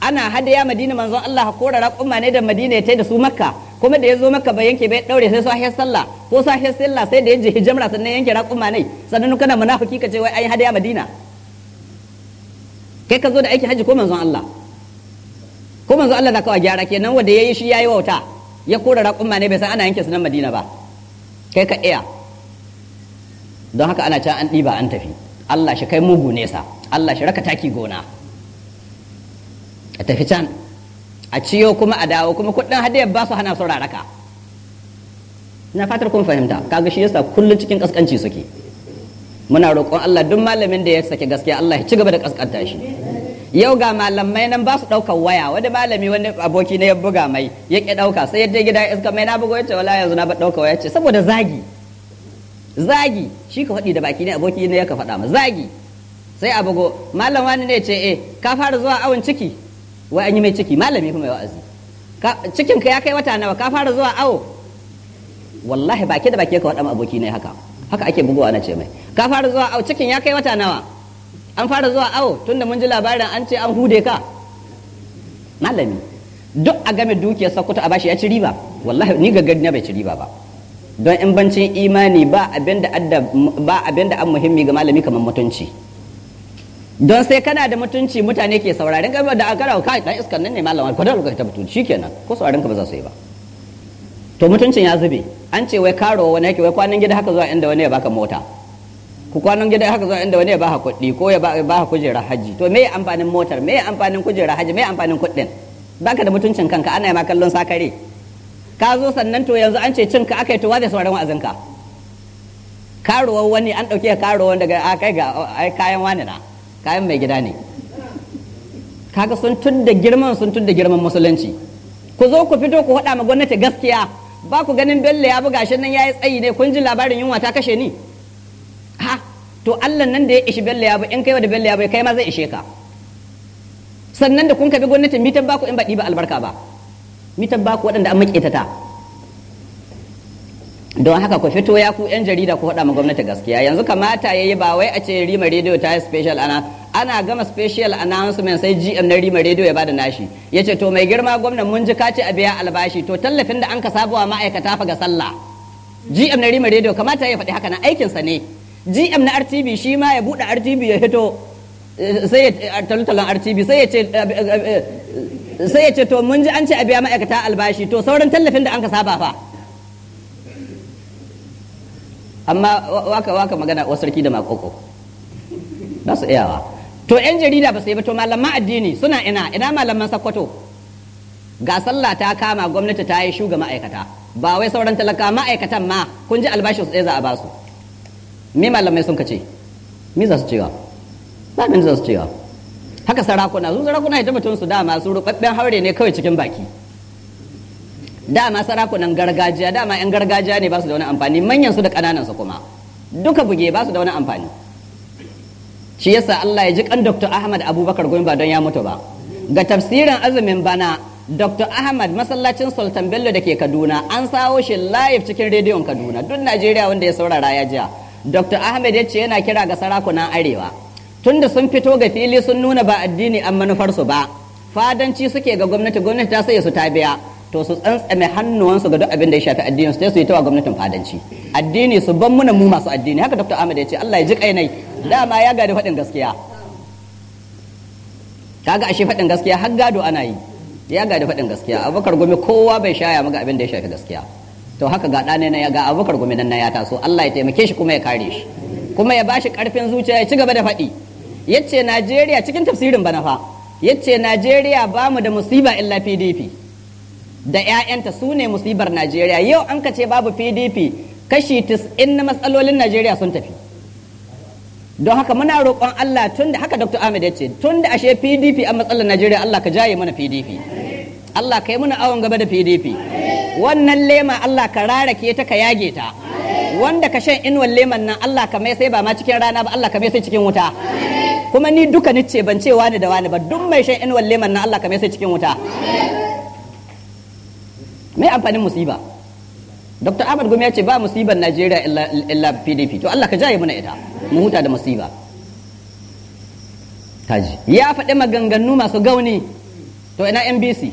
ana hadaya madina manzon Allah kora raƙumma ne da madina ya da su makka kuma da ya zo makka bai yanke bai daure sai sahiyar sallah ko sahiyar sallah sai da ya je hijamra sannan yanke raƙumma ne sannan kana munafiki ka ce wai ai hadaya madina kai ka zo da aiki haji ko manzon Allah ko manzon Allah zaka wa gyara kenan wanda yayi shi yayi wauta ya kora raƙumma ne bai san ana yanke su madina ba kai ka iya don haka ana can an ɗiba an tafi Allah shi kai mugu nesa Allah shi raka taki gona a tafi can a ciyo kuma a dawo kuma kuɗin hadiyar ba su hana su raraka na fatar kun fahimta kaga shi yasa kullum cikin kaskanci suke muna roƙon Allah duk malamin da ya sake gaskiya Allah ya ci gaba da kaskanta shi yau ga malamai nan ba su ɗaukar waya wani malami wani aboki ne ya buga mai ya ke ɗauka sai ya je gida iska mai na bugo ya ce wala yanzu na ba ɗauka waya ce saboda zagi zagi shi ka faɗi da baki ne aboki ne ya ka faɗa ma zagi sai a bugo malam wani ne ce eh ka fara zuwa awon ciki wai an yi mai ciki malami kuma mai wa'azi cikin ka ya kai wata nawa ka fara zuwa awo wallahi baki da baki ka faɗa ma aboki ne haka haka ake bugowa na ce mai ka fara zuwa awo cikin ya kai wata nawa an fara zuwa awo tunda mun ji labarin an ce an hude ka malami duk a game dukiyar sakuta a bashi ya ci riba wallahi ni ga na bai ci riba ba don in bancin imani ba abin da ba abin da an muhimmi ga malami kamar mutunci don sai kana da mutunci mutane ke saurarin ka da akara ka dan iskan nan ne malama ko da ka ta mutunci shikenan ko saurarin ka ba za su yi ba to mutuncin ya zube an ce wai karo wani yake wai kwanan gida haka zuwa inda wani ya baka mota ku kwanan gida haka zuwa inda wani ya baka kuɗi ko ya baka kujerar haji to me amfanin motar me amfanin kujerar haji me amfanin kuɗin baka da mutuncin kanka ana ma kallon sakare ka zo sannan to yanzu an ce cinka aka yi to da sauran wa'azinka karuwar wani an ɗauke karuwar daga a kai ga kayan wani na kayan mai gida ne kaga sun tun da girman sun tun da girman musulunci ku zo ku fito ku haɗa ma gwamnati gaskiya ba ku ganin bello ya buga shi nan ya yi tsayi ne kun ji labarin yunwa ta kashe ni ha to allah nan da ya ishi bello ya in kai wa da bello ya kai ma zai ishe ka sannan da kun kabi gwamnatin mitan ba ku in baɗi ba albarka ba ba ku waɗanda an maƙetata don haka ku fito ya ku 'yan jarida ku faɗa ma gwamnati gaskiya yanzu kamata ya yi ba wai a ce rima rediyo ta yi special ana ana gama special announcement sai gm na rima rediyo ya bada nashi ya ce to mai girma gwamnan mun ji kace a biya albashi to tallafin da an ka sabuwa ma'aikata fa ga sallah gm na rima rediyo kamata ya faɗi haka na aikinsa ne gm na rtb shi ma ya buɗe rtb ya fito, eh, sai ya eh, talutalan rtb sai ya ce eh, sai ya ce to mun ji an ce a biya ma'aikata albashi to sauran tallafin da an ka saba fa amma waka waka magana wa sarki da makoko ba su iyawa to yan jarida ba su yi ba to malaman addini suna ina ina malaman sakkwato ga sallah ta kama gwamnati ta yi shuga ma'aikata ba wai sauran talaka ma'aikatan ma kun ji albashi su za a ba su me malamai sun ka ce me za su cewa ba min za su cewa haka sarakuna sun sarakuna ita mutum su dama su rubabben haure ne kawai cikin baki dama sarakunan gargajiya dama yan gargajiya ne ba su da wani amfani manyan su da kananan su kuma duka buge ba su da wani amfani shi yasa Allah ya ji kan Dr. Ahmad Abubakar Goyin ba don ya mutu ba ga tafsirin azumin bana Dr. Ahmad masallacin Sultan Bello da ke Kaduna an sawo shi live cikin rediyon Kaduna duk Najeriya wanda ya saurara ya jiya Dr. Ahmad ya ce yana kira ga sarakunan Arewa tunda sun fito ga fili sun nuna ba addini an manufarsu ba fadanci suke ga gwamnati gwamnati ta saye su ta biya to su tsantsame hannuwansu ga duk abin da ya shafi addini su sai su yi tawa gwamnatin fadanci addini su ban muna mu masu addini haka dr ahmad ya ce allah ya ji kainai dama ya gadi faɗin gaskiya kaga ashe faɗin gaskiya har gado ana yi ya gadi faɗin gaskiya abubakar gumi kowa bai shaya maga abin da ya shafi gaskiya to haka ga ɗane na ya ga abubakar gumi nan na ya taso allah ya taimake shi kuma ya kare shi kuma ya bashi ƙarfin zuciya ya ci gaba da faɗi yace Najeriya cikin tafsirin bana fa yace Najeriya ba mu da musiba illa PDP da 'ya'yanta su ne musibar Najeriya yau an ka ce babu PDP kashi 90 na matsalolin Najeriya sun tafi don haka muna roƙon Allah tun da haka Dr. Ahmed ya ce tun da ashe PDP a matsalar Najeriya Allah ka jaye mana PDP Allah ka yi muna awon gaba da PDP wannan lema Allah ka rarake ta ka yage ta wanda ka shan inuwar leman nan Allah ka mai sai ba ma cikin rana ba Allah ka mai sai cikin wuta kuma ni duka ni ce ban ce wani da wani ba duk mai shan inuwar leman na Allah kamar sai cikin wuta me amfanin musiba Dr. Ahmad Gumi ya ce ba musibar Najeriya illa PDP to Allah ka jaye muna ita mu huta da musiba taji ya faɗi maganganu masu gauni to ina NBC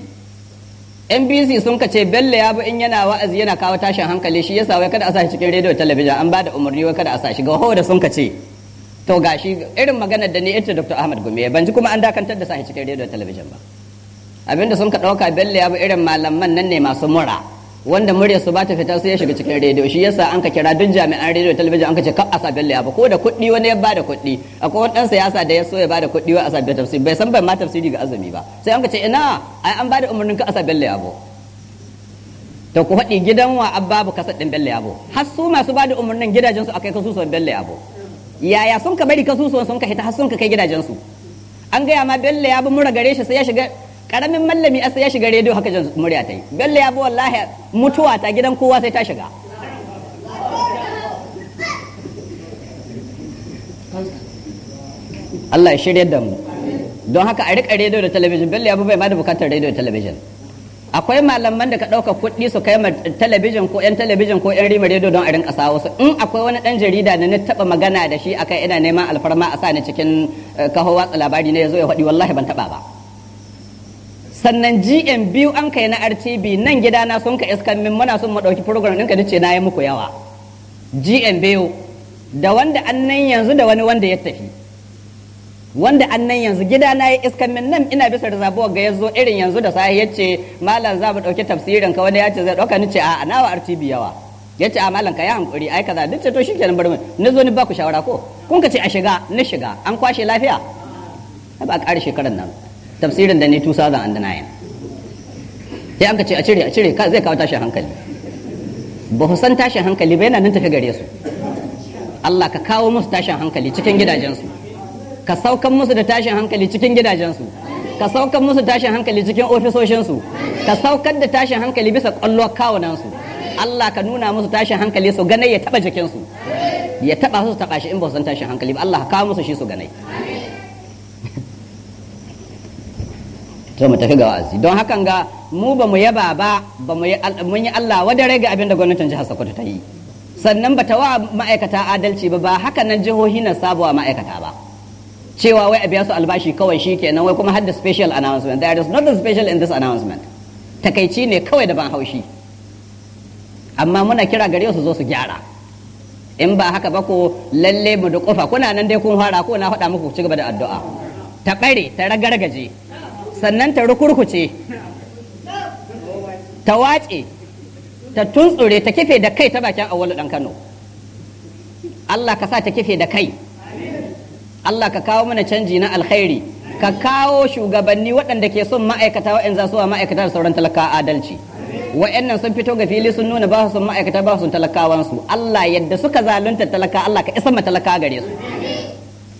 NBC sun ka ce Bello ya bu in yana wa'azi yana kawo tashin hankali shi yasa wai kada a sa shi cikin rediyo talabijin an ba da umarni wai kada a sa shi ga da sun ka ce to gashi irin maganar da ni ita Dr. Ahmad Gumi ban ji kuma an dakantar da sa cikin rediyo da talabijin ba abinda sun ka dauka Bello ya bu irin malaman nan ne masu mura wanda murya su ba ta fita sai ya shiga cikin rediyo shi yasa an ka kira duk jami'an rediyo da talabijin an ka ce ka asa belle Bello ya ba ko da kuɗi wani ya ba da kuɗi akwai wani dan siyasa da ya so ya ba da kuɗi wa a sa tafsiri bai san ban ma tafsiri ga azumi ba sai an ka ce ina ai an ba da umarnin ka asa belle Bello ya ba to ku faɗi gidan wa babu kasar ɗin ya Yabo har su masu ba da umarnin su akai kasu belle ya Yabo yaya sun ka bari kasusuwan sun ka hita har sun ka kai gidajensu an gaya ma bello ya bi mura gare shi sai ya shiga karamin mallami asa ya shiga rediyo haka jan murya ta yi bello ya bi wallahi mutuwa ta gidan kowa sai ta shiga Allah ya shirya da mu don haka a rika rediyo da talabijin bello ya bi bai ma da bukatar rediyo da talabijin akwai malaman da ka ɗauka kuɗi su kai ma talabijin ko 'yan talabijin ko 'yan rima rediyo don a rinka sawo su in akwai wani ɗan jarida da na taɓa magana da shi akai ina neman alfarma a sa ni cikin eh, kaho watsa labari ne ya zo ya faɗi wallahi ban taɓa ba sannan gm biyu an kai na rtb nan gida na sun ka iskan min muna mu ɗauki program ɗinka ni ce na yi muku yawa gm biyu da wanda an nan yanzu da wani wanda ya tafi wanda annan yanzu gida na yi iskan min nan ina bisa da zabuwa ga yazo irin yanzu da sai yace malam za mu dauki tafsirin ka wani yace zai dauka ni ce a nawa RTV yawa yace a malam ka ya hankuri ai kaza duk ce to shikenan bari mun na zo ni ba ku shawara ko kun ka ce a shiga ni shiga an kwashe lafiya ba a ƙara shekarar nan tafsirin da ni tusa yin sai an ka ce a cire a cire zai kawo tashin hankali ba ku san tashin hankali ba yana nan tafi gare su Allah ka kawo musu tashin hankali cikin gidajensu ka saukan musu da tashin hankali cikin gidajensu ka saukan musu tashin hankali cikin ofisoshinsu ka saukar da tashin hankali bisa kwallo kawunansu Allah ka nuna musu tashin hankali su ganai ya taba jikinsu ya taba su taba shi in ba su san tashin hankali ba Allah ka musu shi su ganai to mu tafi ga wa'azi don hakan ga mu ba mu yaba ba ba mu yi Allah wadare ga abin da gwamnatin jihar Sokoto ta yi sannan ba ta wa ma'aikata adalci ba ba haka nan jihohi na sabuwa ma'aikata ba cewa wai a biya su albashi kawai shi kenan wai kuma hadda special announcement there is nothing special in this announcement takaici ne kawai da ban haushi amma muna kira gare su zo su gyara in ba haka ba ko lalle mu da kofa kuna nan dai kun fara ko na faɗa muku ci gaba da addu'a ta bare ta ragargaje sannan ta rukurkuce ta wace ta tuntsure ta kife da kai ta bakin awwalu dan Kano Allah ka sa ta kife da kai Allah ka kawo mana canji na alkhairi ka kawo shugabanni waɗanda ke son ma'aikata wa'yan za su wa ma'aikata da sauran talaka adalci wa'yannan sun fito ga fili sun nuna ba su son ma'aikata ba su talakawansu Allah yadda suka zalunta talaka Allah ka isa matalaka gare su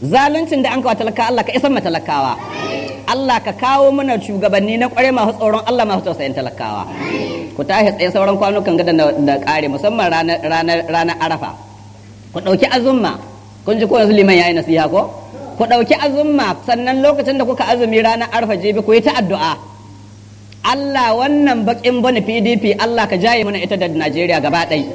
zaluncin da an kawo talaka Allah ka isa matalakawa Allah ka kawo mana shugabanni na kware masu tsoron Allah masu tausayin talakawa ku tashi tsaye sauran kwanukan gada na ƙare musamman ranar arafa ku ɗauki azumma kun ji ko yanzu liman yayi nasiha ko ku ɗauki azumma sannan lokacin da kuka azumi ranar arfa jibi ku yi ta addu'a Allah wannan bakin bane PDP Allah ka jaye mana ita da Najeriya gaba ɗai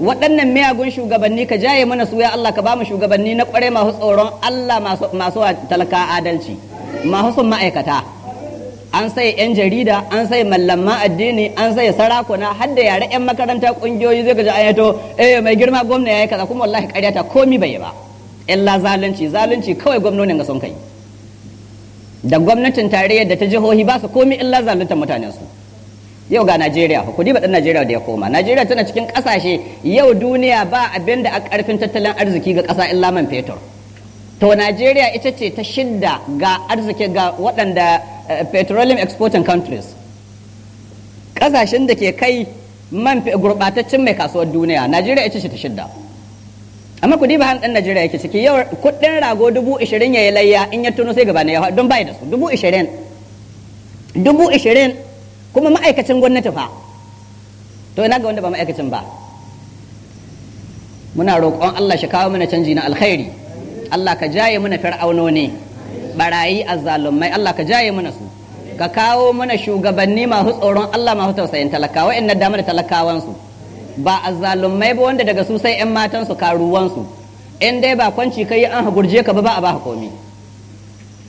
waɗannan miyagun shugabanni ka jaye mana su ya Allah ka ba mu shugabanni na ƙware masu tsoron Allah masu masu talaka adalci masu sun ma'aikata an sai 'yan jarida an sai mallaman addini an sai sarakuna har da yare 'yan makaranta kungiyoyi zai gaji ayato eh mai girma gwamna yayi kaza kuma wallahi ƙarya ta komi bai ba illa zalunci zalunci kawai gwamnonin ga sun kai da gwamnatin tarayya da ta jihohi ba su komi illa zaluntar mutanen su yau ga Najeriya ku diba dan Najeriya da ya koma Najeriya tana cikin kasashe yau duniya ba abin da a karfin tattalin arziki ga ƙasa illa man fetur to Najeriya ita ce ta shidda ga arziki ga waɗanda Eh, petroleum exporting countries ƙasashen da ke kai man gurɓataccen mai kasuwar duniya najeriya ya ce ta shidda amma kudi ba hannun najeriya yake ciki yau kuɗin rago dubu ishirin ya yi layya in ya tuno sai gaba na yawa don bai da su dubu ishirin dubu ishirin kuma ma'aikacin gwamnati fa to ina ga wanda ba ma'aikacin ba muna roƙon allah shi kawo mana canji na alkhairi allah ka jaye mana fir'aunoni barayi azzalumai Allah ka jaye mana su ka kawo mana shugabanni masu tsoron Allah masu tausayin talakawa in dama da talakawan su ba azzalumai ba wanda daga su sai yan matan su karuwan su in dai ba kwanci kai an gurje ka ba ba a ba komi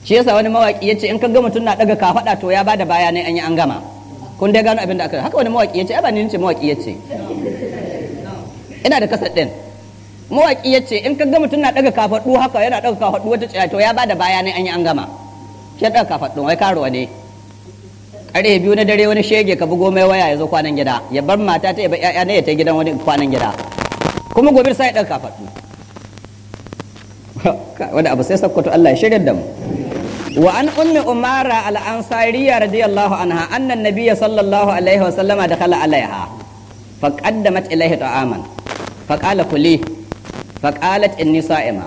shi yasa wani mawaki yace in ka ga mutum na daga kafada to ya bada baya ne an yi an gama kun dai gano abin da aka haka wani mawaki yace ai ba ni nace mawaki yace ina da kasar din mawaki ya ce in ka ga mutum na daga kafaɗu haka yana daga kafaɗu wata tsaya to ya bada baya ne an yi an gama shi daga kafaɗu wai karuwa ne ƙarfe biyu na dare wani shege ka bugo mai waya ya zo kwanan gida ya bar mata ta ya bar ne ya ta gidan wani kwanan gida kuma gobe sai ya daga kafaɗu Wani abu sai sakkwato Allah ya shirya da mu an ummi umara الأنصارية رضي الله عنها أن النبي sallallahu alaihi عليه da دخل alaiha فقدمت ilaihi ta'aman فقال kuli فقالت إني صائمة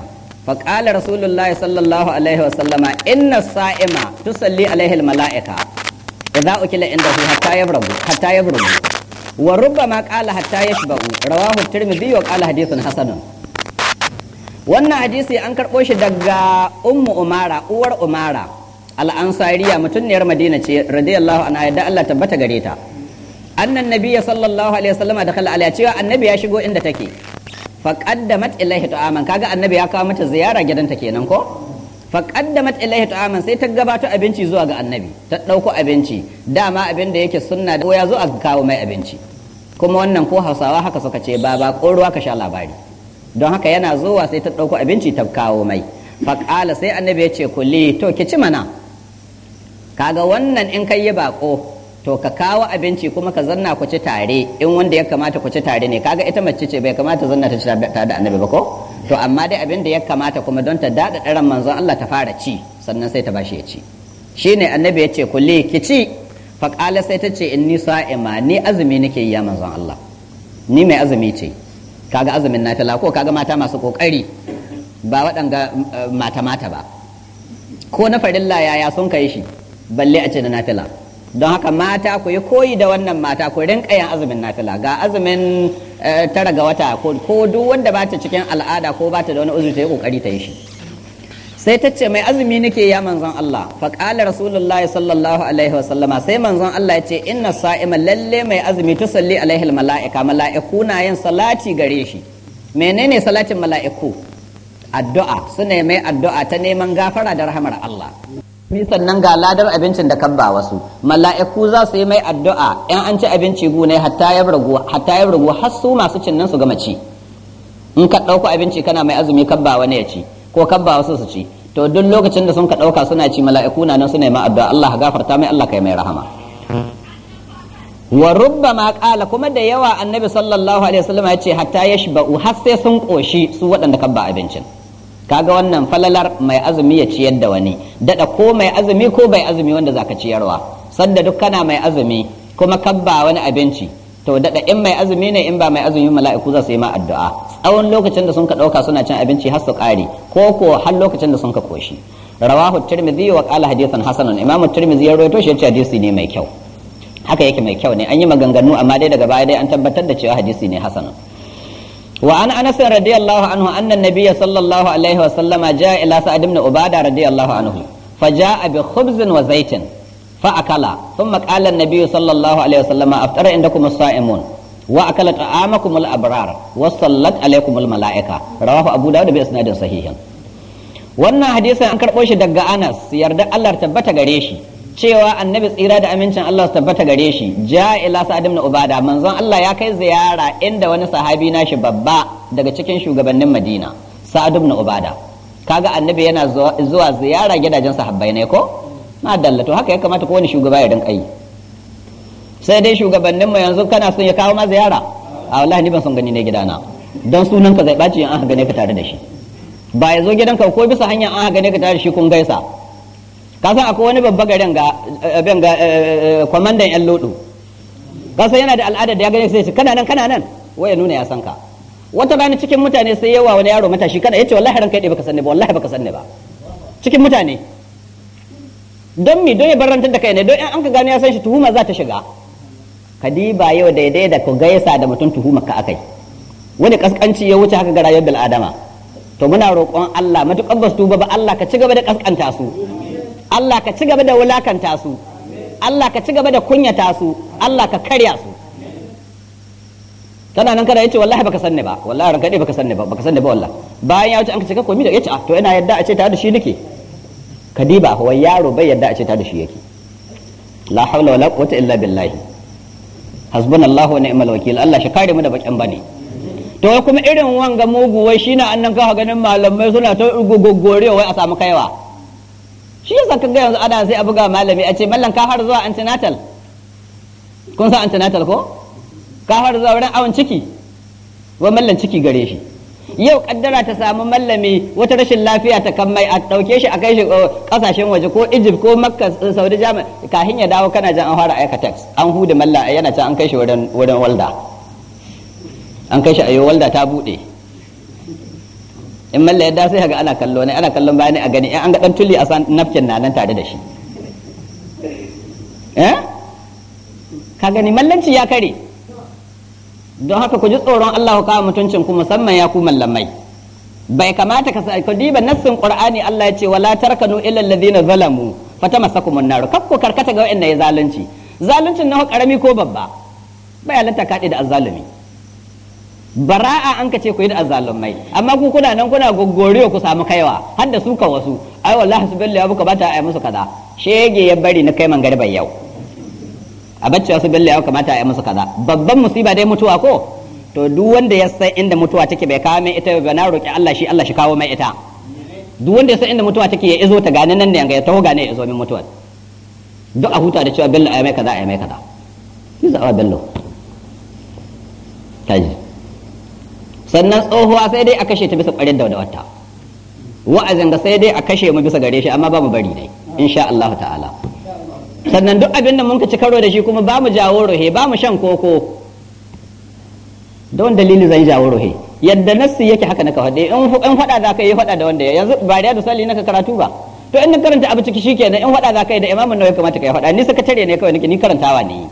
فقال رسول الله صلى الله عليه وسلم إن الصائمة تصلي عليه الملائكة إذا أكل عنده حتى يبرم حتى يبرم وربما قال حتى يشبع رواه الترمذي وقال حديث حسن wannan hadisi an karɓo shi daga ummu umara uwar umara al'ansariya mutunniyar madina ce radiyallahu anha yadda Allah tabbata gare ta annan nabiyya sallallahu alaihi wasallam da khala cewa annabi ya shigo inda take faƙaddamat ilaihi ta'aman kaga annabi ya kawo mata ziyara gidanta kenan ko faƙaddamat ilaihi ta'aman sai ta gabato abinci zuwa ga annabi ta dauko abinci dama abin da yake sunna da ya zo a kawo mai abinci kuma wannan ko hausawa haka suka ce ba ba ruwa ka sha labari don haka yana zuwa sai ta dauko abinci ta kawo mai faƙala sai annabi ya ce kulli to ki ci mana kaga wannan in kai yi bako to ka kawo abinci kuma ka zanna ku ci tare in wanda ya kamata ku ci tare ne kaga ita mace ce bai kamata zanna ta ci tare da annabi ba ko to amma dai abin da ya kamata kuma don ta dada daren manzon Allah ta fara ci sannan sai ta bashi ya ci shine annabi ya ce kulli ki ci fa qala sai ta ce inni sa'ima ni azumi nake yi ya manzon Allah ni mai azumi ce kaga azumin na ta lako kaga mata masu kokari ba waɗanga eh, mata mata ba ko na farilla yaya sun kai shi balle a ce na nafila don haka mata ku yi koyi da wannan mata ku rinka yin azumin nafila ga azumin eh, tara ga wata ko duk wanda ba ta cikin al'ada ko ba ta da wani uzuri ta yi kokari ta yi shi sai ta ce mai azumi nake ya manzon Allah fa qala rasulullahi sallallahu alaihi wa sallama sai manzon Allah ya ce inna sa'ima lalle mai azumi tusalli alaihi almalaika mala'iku na yin salati gare shi menene salatin mala'iku addu'a sune mai addu'a ta neman gafara da rahamar Allah ni sannan ga ladar abincin da kan ba wasu mala'iku za su yi mai addu'a in an ci abinci gunai hatta ya ragu hatta ya har su masu cin nan su gama ci in ka ɗauko abinci kana mai azumi kan ba wani ya ci ko kan ba wasu su ci to duk lokacin da sun ka ɗauka suna ci mala'iku na nan suna yi mai addu'a Allah gafarta mai Allah kai mai rahama wa rubbama qala kuma da yawa annabi sallallahu alaihi wasallam ya ce hatta yashba'u har sai sun koshi su waɗanda kan ba abincin kaga wannan falalar mai azumi ya ciyar da wani dada ko mai azumi ko bai azumi wanda za ka ciyarwa sanda duk kana mai azumi kuma kabba wani abinci to dada in mai azumi ne in ba mai azumi mala'iku za su yi ma addu'a tsawon lokacin da sun ka dauka suna cin abinci har su kare ko ko har lokacin da sun ka koshi rawahu tirmidhi wa qala hadithan hasanan imamu tirmidhi ya rawaito shi yace hadisi ne mai kyau haka yake mai kyau ne an yi maganganu amma dai daga baya dai an tabbatar da cewa hadisi ne hasanan وعن أنس رضي الله عنه أن النبي صلى الله عليه وسلم جاء إلى سعد بن عبادة رضي الله عنه فجاء بخبز وزيت فأكل ثم قال النبي صلى الله عليه وسلم أفطر عندكم الصائمون وأكل طعامكم الأبرار وصلت عليكم الملائكة رواه أبو داود بإسناد صحيح wannan hadisin an karɓo shi daga anas yarda allah tabbata gare shi cewa annabi tsira da amincin Allah su tabbata gare shi ja'ila ila sa'ad ibn ubada manzon Allah ya kai ziyara inda wani sahabi nashi babba daga cikin shugabannin Madina sa'ad ibn ubada kaga annabi yana zuwa ziyara gidajen sahabbai ne ko na dallato haka ya kamata kowane shugaba ya rinka yi sai dai shugabannin mu yanzu kana son ya kawo ma ziyara a wallahi ni ban son gani ne gidana dan sunanka zai baci in aka gane ka tare da shi ba ya zo gidanka ko bisa hanyar an aka gane ka tare da shi kun gaisa ka san akwai wani babba garin ga eh, abin ga eh, eh, kwamandan yan lodo ka san yana da al'ada da ya gane sai shi, kana nan kana nan waya nuna ya san ka wata rana cikin mutane sai yawa wani yaro matashi kada yace wallahi ranka dai baka sanne ba wallahi baka sanne ba cikin mutane don mi don ya barantar da kai ne don an ka gane ya san shi tuhuma za ta shiga kadiba yau daidai da ku gaisa da mutum tuhuma ka akai wani kaskanci ya wuce haka ga rayuwar bil adama to muna roƙon Allah matukar basu tuba ba Allah ka ci gaba da kaskanta su Allah ka ci gaba da wulakanta su Allah ka ci gaba da kunyata su Allah ka karya su tana nan kada yace wallahi baka sanni ba wallahi ranka dai baka sanni ba baka sanni ba wallahi bayan ya wuce an ce ka komi da yace a ah, to ina yadda a ce ta da shi nake kadiba wai yaro bai yadda a ce ta da shi yake la hawla wala quwwata illa billahi hasbunallahu wa ni'mal wakil Allah shi kare mu da bakin bane to kuma irin wanga mugu wai na annan ka ganin malamai suna ta gogorewa wai a samu kaiwa shi yasa kaga yanzu ana sai a buga malami a ce mallan ka har zuwa antinatal kun sa antinatal ko ka har zuwa wurin awon ciki wa mallan ciki gare shi yau kaddara ta samu mallami wata rashin lafiya ta kan mai a dauke shi a kai shi kasashen uh, waje ko Egypt ko Makka uh, Saudi jama kafin ya dawo kana jan an fara aika tax an hude malla yana can an kai shi wurin wurin walda an kai shi ayo walda ta bude in malla yadda sai ga ana kallo ne ana kallon bayani a gani an ga dan tulli a san nafkin na nan tare da shi eh ka gani mallanci ya kare don haka ku ji tsoron Allah ka mutuncin ku musamman ya ku mallamai bai kamata ka sai ku diba nassin qur'ani Allah ya ce wala tarkanu ila alladhina zalamu fatamasakumun nar kakku karkata ga wanda ya zalunci zaluncin nawa karami ko babba bai halatta kaɗe da azzalumi bara'a an ka ce ku yi da mai, amma ku kuna nan kuna gogoriyo ku samu kaiwa har da su kan wasu ai wallahi su billahi abuka bata ai musu kaza shege ya bari na kai man bai yau a bacci su billahi abuka bata ai musu kaza babban musiba dai mutuwa ko to duk wanda ya san inda mutuwa take bai kawo mai ita ba na roki Allah shi Allah shi kawo mai ita duk wanda ya san inda mutuwa take ya izo ta gane nan ne ga ya taho gane ya izo min mutuwa duk a huta da cewa billahi ai mai kaza ai mai kaza yi zawa billahi taji sannan tsohuwa sai dai a kashe ta bisa ƙwarin da wata wa'azin da sai dai a kashe mu bisa gare shi amma ba mu bari ne insha Allah ta'ala sannan duk abin da muka ci karo da shi kuma ba mu jawo rohe ba mu shan koko don dalili zan jawo rohe yadda nassi yake haka naka faɗe in faɗa za ka yi faɗa da wanda yanzu ba da sali ka karatu ba to in karanta abu ciki kenan in faɗa za ka yi da imamun nawa ya kamata ka yi faɗa ni sakatare ne kawai ni karantawa ne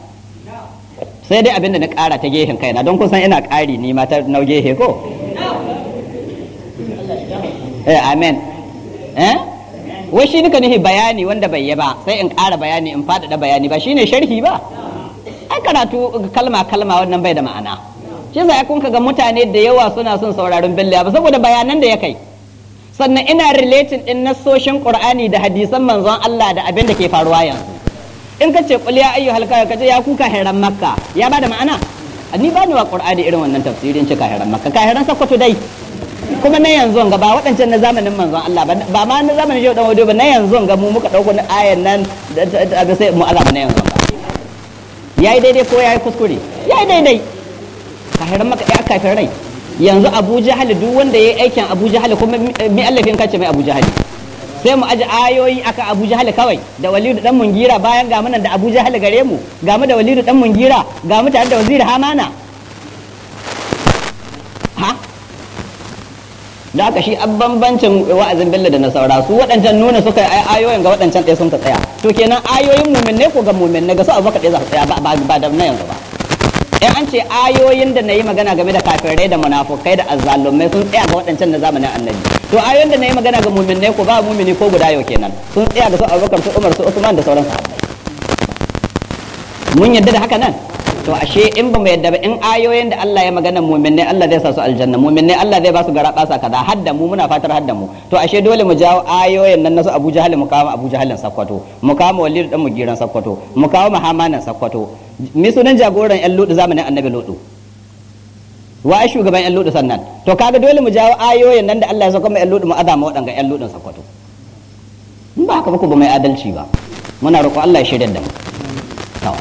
sai dai abinda na ƙara ta gehen kaina don kusan ina ƙari ni ma ta nau gehe ko eh amen eh wai shi nika nufi bayani wanda bai yi sai in ƙara bayani in faɗaɗa bayani ba shine sharhi ba ai karatu kalma kalma wannan bai da ma'ana shi sa kun ga mutane da yawa suna son sauraron billa ba saboda bayanan da ya kai sannan ina relating din nassoshin qur'ani da hadisan manzon Allah da abin da ke faruwa yanzu in ka ce qul ya ayyuhal ka ce ya kuka heran makka ya bada ma'ana ni ba ni wa qur'ani irin wannan tafsirin ce kahiran makka kahiran sakkwato dai kuma na yanzu ga ba waɗancan na zamanin manzon Allah ba ba ma na zamanin yau dan wado ba na yanzu ga mu muka dauko na ayan nan da sai mu Allah na yanzu yayi daidai ko yayi kuskure yayi daidai kahiran maka ya rai yanzu Abu Jahal duk wanda yayi aikin Abu Jahal kuma mi Allah ka ce mai Abu Jahal sai mu aji ayoyi aka Abu Jahal kawai da Walidu dan Mungira bayan ga munan da Abu Jahal gare mu ga mu da Walidu dan Mungira ga mu tare da Wazir Hamana ha da aka shi an bambancin wa'azin Bello da na saura su waɗancan nuna suka yi ayoyin ga waɗancan ɗaya sun ka tsaya to kenan ayoyin mumin ne ko ga mumin ne ga su abubakar ɗaya za su tsaya ba da na yanzu ba in eh, an ce ayoyin da na yi magana game da kafirai da munafukai da azzalumai sun tsaya ga waɗancan na zamanin annabi to ayoyin da yi magana ga mu'minai ko ba mu'mini ko guda yau kenan sun tsaya da su Abubakar su Umar su Usman da sauransu mun yadda da haka nan to ashe in ba mu yadda ba in ayoyin da Allah ya magana mu'minai Allah zai sa su aljanna mu'minai Allah zai ba su garaba sa kaza hadda mu muna fatar hadda mu to ashe dole mu jawo ayoyin nan na su Abu Jahal mu kawo Abu Jahal Sakkwato mu kawo Walid dan mu giran Sakkwato mu kawo Muhammadan Sakkwato mi sunan jagoran 'yan ludu zamanin Annabi ludu wa shugaban yan ludu sannan to kaga dole mu jawo ayoyin nan da Allah ya sako mai yan ludu mu azama waɗanga yan ludun sakwato in ba haka ba ku ba mai adalci ba muna roƙo Allah ya shaidar da mu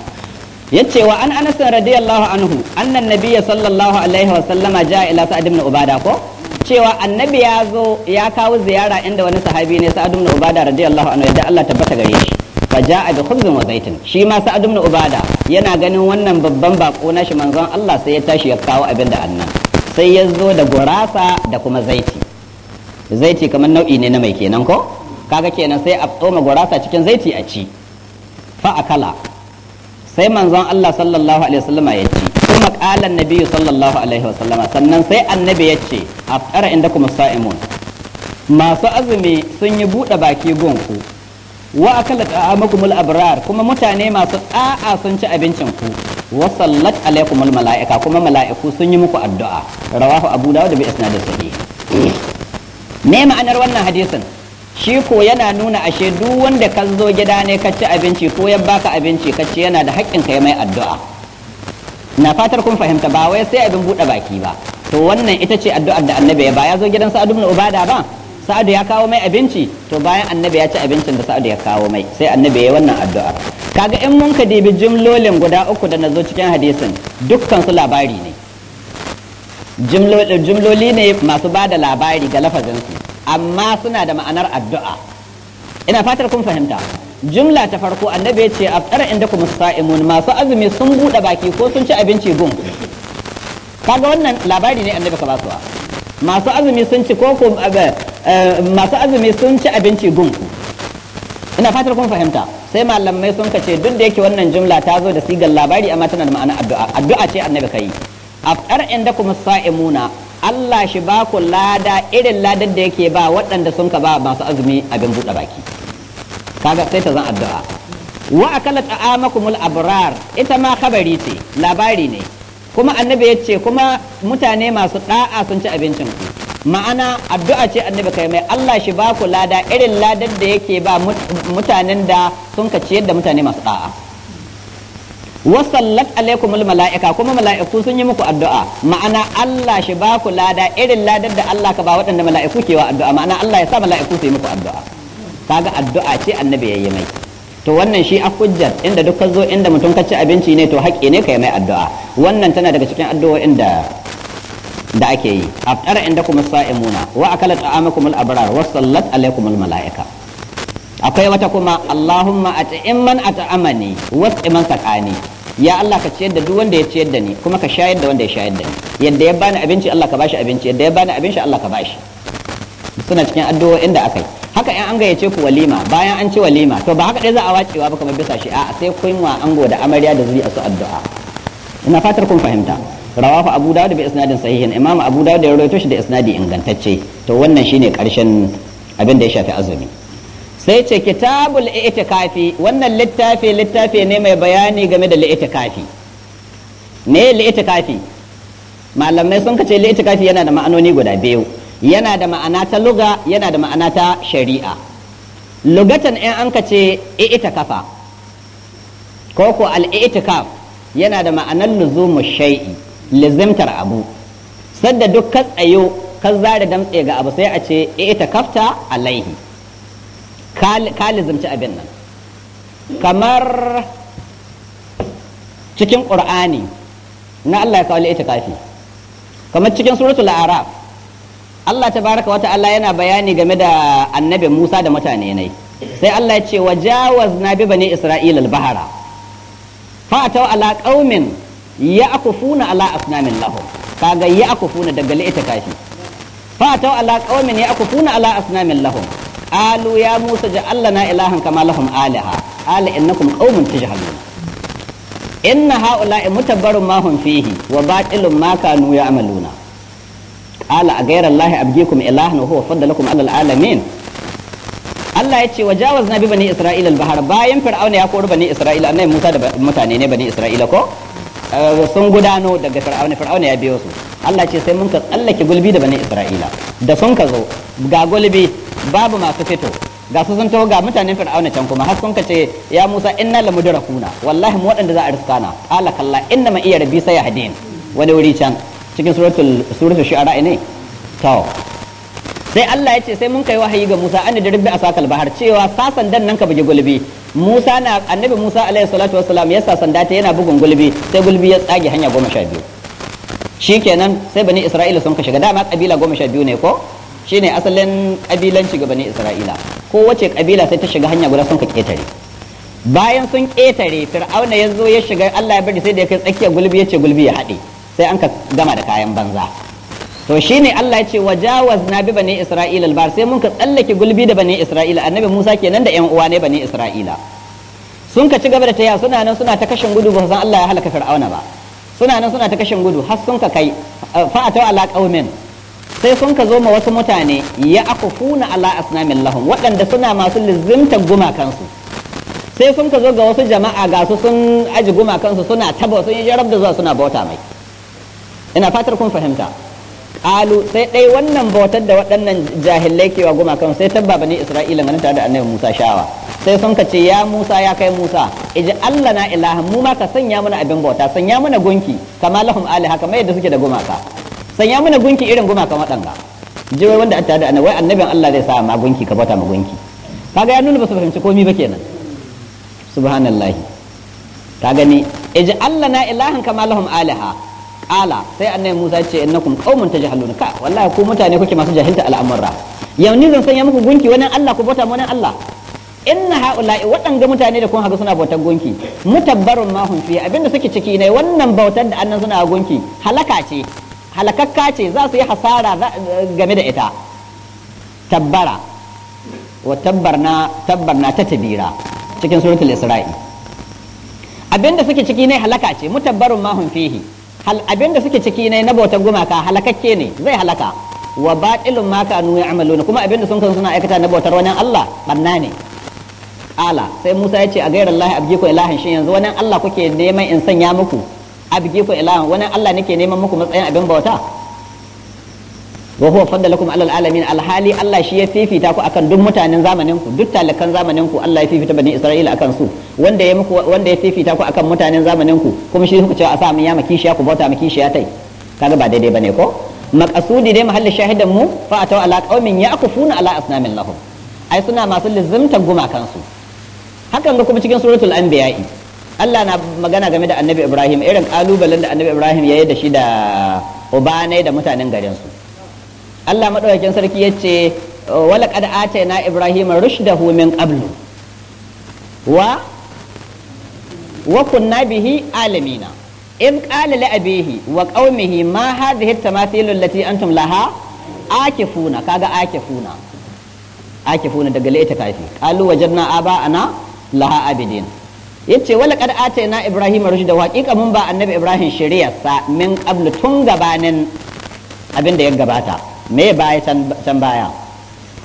yace wa an Anas radiyallahu anhu annan nabiyya sallallahu alaihi wa sallama jaa ila Sa'd ibn Ubada ko cewa annabi ya zo ya kawo ziyara inda wani sahabi ne Sa'd ibn Ubada radiyallahu anhu yadda Allah tabbata gare shi a bi khubzin wa zaitin shi ma sa'ad ibn ubada yana ganin wannan babban bako na shi manzon Allah sai ya tashi ya kawo abin da annan sai ya zo da gurasa da kuma zaiti zaiti kamar nau'i ne na mai kenan ko kaga kenan sai a tsoma gurasa cikin zaiti a ci fa akala sai manzon Allah sallallahu alaihi wasallama ya ci kuma qala annabi sallallahu alaihi wasallama sannan sai annabi ya ce afqara indakum sa'imun masu azumi sun yi buɗe baki gonku wa akala ta'amakumul abrar kuma mutane masu a'a sun ci abincin ku wa sallat alaikumul malaika kuma mala'iku sun yi muku addu'a rawahu abu dawud bi isnad sahih me ma'anar wannan hadisin shi ko yana nuna ashe duk wanda ka zo gida ne ka ci abinci ko ya baka abinci ka ci yana da haƙƙin ka mai addu'a na fatar kun fahimta ba wai sai abin buɗe baki ba to wannan ita ce addu'ar da annabi ya ba ya zo gidansa adubna ubada ba sa'adu ya kawo mai abinci to bayan annabi ya ci abincin da sa'adu ya kawo mai sai annabi ya wannan addu'a kaga in mun ka dibi jimlolin guda uku da nazo cikin hadisin dukkan su labari ne jimloli ne masu ba da labari ga lafazinsu amma suna da ma'anar addu'a ina fatar kun fahimta jumla ta farko annabi ya ce aftara inda kuma sa'imun masu azumi sun buɗe baki ko sun ci abinci gun kaga wannan labari ne annabi ka basuwa masu azumi sun ci ko koko Eh, masu azumi sun ci abinci gun ina fatar kun fahimta sai malamai sun kace duk da yake wannan jumla ta zo da sigar labari amma tana da ma'ana addu'a addu'a ce annabi kai afqar indakum sa'imuna Allah shi ba ku lada irin ladar da yake ba waɗanda sun ka ba masu azumi abin buɗe baki kaga sai ta zan addu'a wa akala ta'amakumul abrar ita ma khabari ce labari ne kuma annabi ya ce kuma mutane masu da'a sun ci abincin ku ma'ana addu'a ce annabi kai mai Allah shi ba ku lada irin ladar da yake ba mutanen da sun ka ciyar da mutane masu da'a wasallat alaikumul mala'ika kuma mala'iku sun yi muku addu'a ma'ana Allah shi ba ku lada irin ladar da Allah ka ba waɗanda mala'iku ke wa addu'a ma'ana Allah ya sa mala'iku su yi muku addu'a kaga addu'a ce annabi yayi mai to wannan shi a inda duk ka zo inda mutum ka ci abinci ne to haƙƙi ne ka yi mai addu'a wannan tana daga cikin addu'o'in da da ake yi aftara inda kuma sa'imuna wa akala ta'amakum al-abrar wa sallat alaikum al-mala'ika akwai wata kuma Allahumma at'im man at'amani wasqi man sakani ya Allah ka ciyar da duk wanda ya ciyar da ni kuma ka shayar da wanda ya shayar da ni yadda ya bani abinci Allah ka bashi abinci yadda ya bani abinci Allah ka bashi suna cikin addu'o'in da akai haka in an gayyace ku walima bayan an ci walima to ba haka dai za a wacewa ba kamar bisa shi a'a sai kun wa ango da amarya da zuri'a su addu'a ina fatar kun fahimta rawafa abu dawud bi isnadin sahihin imam abu dawud ya rawaito shi da isnadi ingantacce to wannan shine karshen abin da ya shafi azumi sai ce kitabul i'tikafi wannan littafi littafi ne mai bayani game da litikafi ne litikafi malamai sun kace litikafi yana da ma'anoni guda biyu yana da ma'ana ta luga yana da ma'ana ta shari'a lugatan in an kace i'tikafa ko ko al-i'tikaf yana da ma'anar luzumu shai'i, lizimtar abu sadda duk ka tsayo ka zare damtse ga abu sai a ce ta kafta alaihi ka lizimci abin nan kamar cikin ƙur'ani na Allah ya kawo ita kafi kamar cikin suratul araf Allah ta baraka wata Allah yana bayani game da annabi Musa da mutane ne sai Allah ya ce wajawaz na bi bani Isra'ila al-bahara fatau ala qaumin ya'kufuna ala asnamin lahum kaga ya'kufuna daga li'ita kashi fatau ala qaumin ya'kufuna ala asnamin lahum qalu ya musa ja'al lana ilahan kama lahum alaha ala innakum qaumun tajhalun inna haula'i mutabbarun ma hum fihi wa batilun ma kanu ya'maluna qala a ghayra allahi abgikum ilahan huwa faddalakum ala alamin Allah ya ce wa jawaz na bi bani Isra'ila al-bahar bayan Fir'auna ya kori bani Isra'ila annabi Musa da mutane ne bani Isra'ila ko eh, sun gudano daga Fir'auna Fir'auna ya biyo su Allah ce sai mun ka tsallake gulbi da bani Isra'ila da sun ka zo ga gulbi babu masu fito ga su sun taho ga mutanen Fir'auna can kuma har sun ka ce ya Musa inna lamudrakuna wallahi mu waɗanda za a na ala kalla inna ma iya rabbi sai hadin wani wuri can cikin suratul suratul shu'ara ne to sai Allah ya ce sai mun kai wahayi ga Musa an da rubbi asakal bahar cewa sa sandan nan ka buge gulbi Musa na annabi Musa alaihi salatu wassalam ya sa sanda ta yana bugun gulbi sai gulbi ya tsage hanya goma sha biyu shikenan sai bani Isra'ila sun ka shiga dama kabila goma sha biyu ne ko shine asalin kabilanci ga bani Isra'ila ko wace kabila sai ta shiga hanya guda sun ka ketare bayan sun ketare fir'auna ya zo ya shiga Allah ya bari sai da ya kai tsakiyar gulbi ya ce gulbi ya haɗe sai an ka gama da kayan banza to shi ne Allah ya ce na bi bane isra'ila albar sai mun ka tsallake gulbi da bani isra'ila annabi Musa kenan da ƴan uwa ne bani isra'ila sun ka ci gaba da taya suna nan suna ta kashin gudu ba san Allah ya halaka fir'auna ba suna nan suna ta kashin gudu har sun ka kai eh, ta ala qaumin sai sun ka zo ma wasu mutane ya akufuna ala asnamin lahum waɗanda suna masu lizimtar gumakansu sai sun ka zo ga wasu jama'a ga su sun aji gumakansu suna taba sun yi jarab da zuwa suna bauta mai ina fatar kun fahimta qalu sai dai wannan bautar da waɗannan jahilai ke wa gumakan sai tabba bani isra'ila ganin tare da annabi musa shawa sai sun ka ce ya musa ya kai musa iji allah na ilaha mu ma ka sanya mana abin bauta sanya mana gunki kama lahum aliha mai yadda suke da gumaka sanya mana gunki irin gumakan waɗanga jiwai wanda an tare da annabi wai annabin allah zai sa ma gunki ka bauta ma gunki kaga ya nuna ba su fahimci komai ba kenan subhanallahi ka gani iji allah na ilahan kama lahum aliha qala sai annabi Musa ya ce innakum qaumun tajhalun ka wallahi ku mutane kuke masu jahilta al'amura yau ni zan sanya muku gunki wani Allah ku bauta wani Allah inna haula'i waɗanga mutane da kun haka suna bautar gunki mutabbarun ma hum fi abinda suke ciki ne wannan bautar da annan suna gunki halaka ce halakakka ce za su yi hasara game da ita tabbara wa tabbarna tabbarna ta tabira cikin suratul isra'i abinda suke ciki ne halaka ce mutabbarun ma hum fihi abin da suke ciki ne na bautar gumaka halakakke ne zai halaka wa batilun ma kanu ya'maluna kuma abin da sun kan suna aikata na bautar wani Allah banna ne ala sai Musa ya ce a gairar Allah ku ilahin shi yanzu wani Allah kuke neman in sanya muku ku ilahin wani Allah nake neman muku matsayin abin bauta wa huwa lakum alal alamin alhali Allah shi ya fifita ku akan duk mutanen zamanin ku duk talakan zamanin ku Allah ya fifita bani Isra'ila akan su wanda ya muku wanda ya fifita ku akan mutanen zamanin ku kuma shi kuka cewa a sa mun ya maki shi ku bauta maki shi ya tai kaga ba daidai bane ko maqasudi dai mahallin shahidan mu fa ataw ala qaumin yaqufuna ala asnamin lahum ai suna masu lizimta gumakan su hakan ga kuma cikin suratul anbiya'i Allah na magana game da Annabi Ibrahim irin kalubalen da Annabi Ibrahim ya yi da shi da ubanai da mutanen garin su Allah madaukakin sarki ya ce wala qad atayna ibrahima rushdahu min qablu wa wa kunna bihi alamina in qala li abihi wa qaumihi ma hadhihi tamathilu allati antum laha akifuna kaga akifuna akifuna daga laita kafi qalu wajadna aba ana laha abidin yace wala ce na ibrahima rushda haqiqa mun ba annabi ibrahim shari'arsa min qablu tun gabanin abin da ya gabata me baya can baya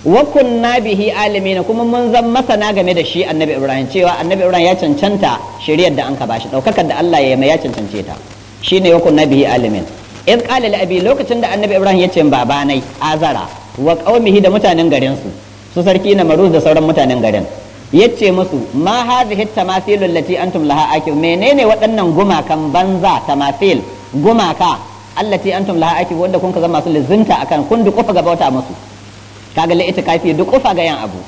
wa kunna bihi na kuma mun zan masana game da shi annabi ibrahim cewa annabi ibrahim ya cancanta shari'ar da an ka bashi daukakar da Allah ya mai ya cancance ta shine ne kunna bihi alamin. in qala abi lokacin da annabi ibrahim ya ce babanai azara wa qaumihi da mutanen garin su su sarki na maruz da sauran mutanen garin yace musu ma hadhihi tamathilul lati antum laha mene menene waɗannan gumakan banza tamafil gumaka allati antum laha aiki wanda kun ka zama su lizinta akan kun duk gaba wata bauta musu kaga la'ita kafi duk kofa ga yan abu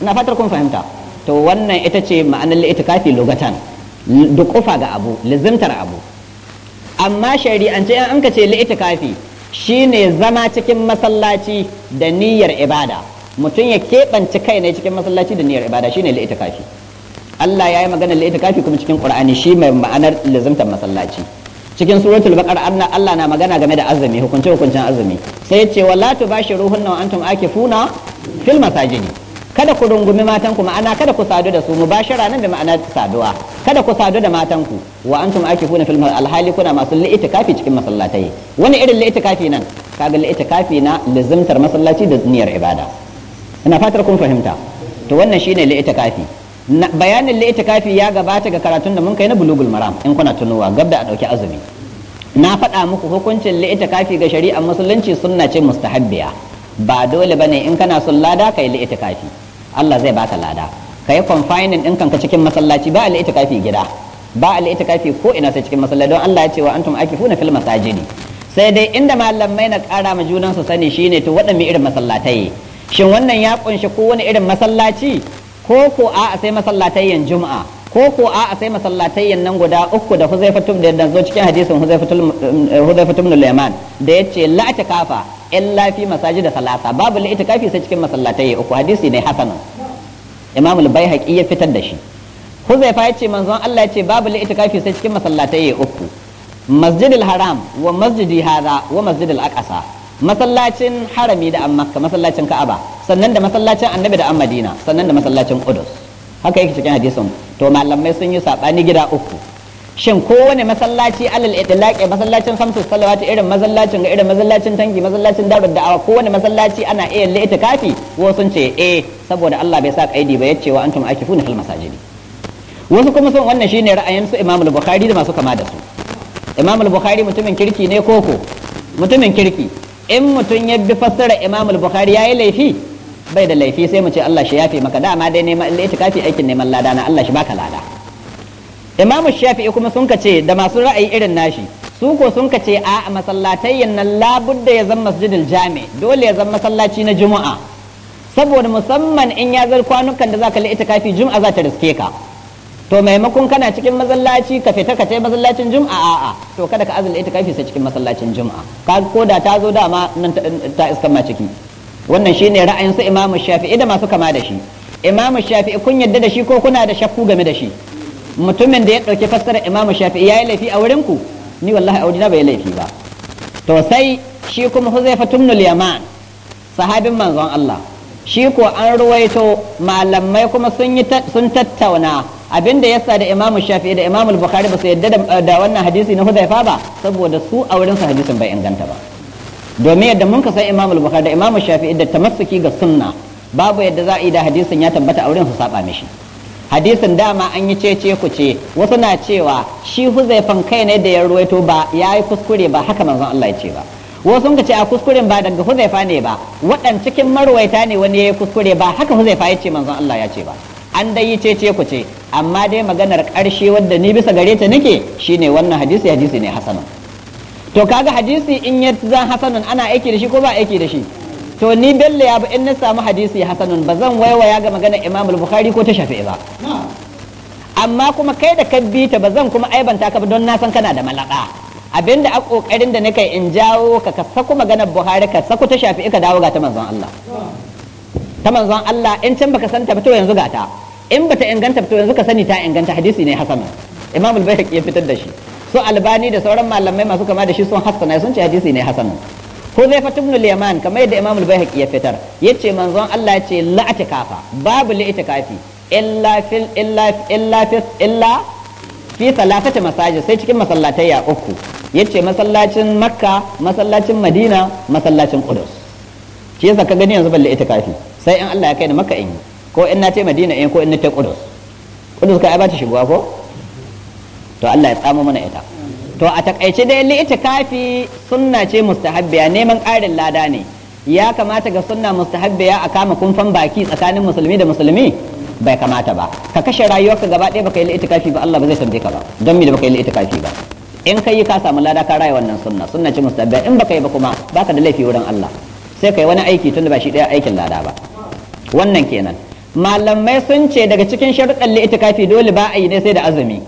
ina fatar kun fahimta to wannan ita ce ma'anar la'ita kafi lugatan duk kofa ga abu lizimtar abu amma shari'ance an ka ce la'ita kafi shine zama cikin masallaci da niyyar ibada mutum ya keɓance kai ne cikin masallaci da niyyar ibada shine la'ita kafi Allah ya yi magana la'ita kafi kuma cikin Qur'ani shi mai ma'anar lazimtar masallaci cikin suratul baqara Allah na magana game da azumi hukunce hukuncen azumi sai ya ce wala tubashiruhunna wa antum akifuna fil masajidi kada ku rungumi matan ku ma'ana kada ku sadu da su mubashara nan da ma'ana saduwa kada ku sadu da matan ku wa antum akifuna fil alhali kuna masu li'itikafi cikin masallatai wani irin li'itikafi nan kaga li'itikafi na lazimtar masallaci da niyyar ibada ina fatar kun fahimta to wannan shine li'itikafi bayanin li'itikafi ya gabata ga karatun da mun kai na bulugul maram in kuna tunowa gab da a dauki azumi na faɗa muku hukuncin kafi ga shari'ar musulunci sunna ce mustahabbiya ba dole bane in kana son lada kai kafi. Allah zai baka lada kai confining din kanka cikin masallaci ba kafi gida ba kafi ko ina sai cikin masallaci don Allah ya ce wa antum akifuna fil masajidi sai dai inda malamai na kara ma junan su sani shine to waɗanne irin masallatai shin wannan ya kunshi ko wani irin masallaci ko ko a sai masallatayyan juma'a ko ko a sai masallatayyan nan guda uku da huzaifatum da yadda zo cikin hadisin huzaifatum eh, na leman da ya ce la'ata kafa in fi masaji da salasa babu la'ita kafi sai cikin masallatayya uku hadisi ne hasanun imam al-baihaqi ya fitar da shi huzaifa ya ce manzon Allah ya ce babu la'ita kafi sai cikin masallatayya uku masjidil haram wa masjidi hada wa masjidil aqsa masallacin harami da amma masallacin ka'aba sannan da masallacin annabi da an madina sannan da masallacin kudus haka yake cikin hadisin to malamai sun yi saɓani gida uku shin kowane masallaci alal itlaqi masallacin Salawa ta irin masallacin ga irin masallacin tangi masallacin da da'awa kowane masallaci ana iya yin itikafi wasu sun ce eh saboda Allah bai sa kaidi ba yace wa antum akifuna fil masajidi wasu kuma sun wannan shine ra'ayin su Imam al-Bukhari da masu kama da su Imam al-Bukhari mutumin kirki ne koko mutumin kirki in mutum ya bi fassara imamul al-Bukhari yi laifi bai da laifi sai mu ce Allah shi yafe maka dama dai neman itikafi aikin neman lada na Allah shi baka lada imamu shafi'i kuma sun ce da masu ra'ayi irin nashi su ko sun ce a masallatai nan labudda ya zama masjidil jami dole ya zama masallaci na juma'a saboda musamman in ya zar kwanukan da zaka li itikafi juma'a za ta riske ka to maimakon kana cikin masallaci ka fita ka tai masallacin juma'a a'a to kada ka azal itikafi sai cikin masallacin juma'a ka koda ta zo dama nan ta iska ma ciki wannan shine ra'ayin su imamu shafi'i da masu kama da shi imamu shafi'i kun yadda da shi ko kuna da shakku game da shi mutumin da ya ɗauki fassara imamu shafi'i ya laifi a wurin ku ni wallahi a wurina bai laifi ba to sai shi kuma huzaifa tumnul yaman sahabin manzon Allah shi ko an ruwaito malamai kuma sun yi sun tattauna abinda yasa da imamu shafi'i da imamu bukhari ba su yadda da wannan hadisi na huzaifa ba saboda su a wurin su hadisin bai inganta ba domin yadda mun ka san imam al-bukhari da imam shafi'i da tamassuki ga sunna babu yadda za a yi da hadisin ya tabbata auren su saba mishi hadisin dama an yi cece ku ce wasu na cewa shi huzaifan kai ne da ya ruwaito ba ya yi kuskure ba haka manzon Allah ya ce ba wasu sun ce a kuskuren ba daga huzaifa ne ba waɗan cikin marwaita ne wani ya yi kuskure ba haka huzaifa ya ce manzon Allah ya ce ba an dai yi cece ku ce amma dai maganar ƙarshe wadda ni bisa gare ta nake shine wannan hadisi hadisi ne hasanan to kaga hadisi in ya zan hasanun ana aiki da shi ko ba aiki da shi to ni bello ya in na samu hadisi hasanun ba zan waiwaya ga magana imam bukhari ko ta shafi'i ba amma kuma kai da kabbita ba zan kuma aibanta ka ba don na san kana da malaka abinda a kokarin da nake in jawo ka ka saku maganar buhari ka saku ta shafi'i ka dawo ga ta manzon Allah ta manzon Allah in can baka san ba to yanzu ga ta in bata inganta ba to yanzu ka sani ta inganta hadisi ne hasanun imam al-bayhaqi ya fitar da shi su albani da sauran malamai masu kama da shi sun hassana sun ce hadisi ne hasanin Huzaifa ibn al-Yaman kamar yadda Imam al-Baihaqi ya fitar yace manzon Allah yace la atikafa babu li itikafi illa fil illa illa illa fi salatati masajid sai cikin masallatayya uku yace masallacin Makka masallacin Madina masallacin Qudus shi yasa ka gani yanzu balle itikafi sai in Allah ya kai ni Makka in ko in na ce Madina in ko in na ce Qudus Qudus ka ai ba ta shigowa ko to Allah ya tsamo mana ita to a takaice dai kafi sunna ce mustahabbiya neman ƙarin lada ne ya kamata ga sunna mustahabbiya a kama kumfan baki tsakanin musulmi da musulmi bai kamata ba ka kashe rayuwarka gaba ɗaya baka yi kafi ba Allah ba zai tambaye ka ba don me da baka yi kafi ba in ka yi ka samu lada ka raya wannan sunna sunna ce mustahabbiya in baka yi ba kuma baka da laifi wurin Allah sai kai wani aiki tunda ba shi ɗaya aikin lada ba wannan kenan malamai sun ce daga cikin sharuɗan li'itikafi dole ba a yi ne sai da azumi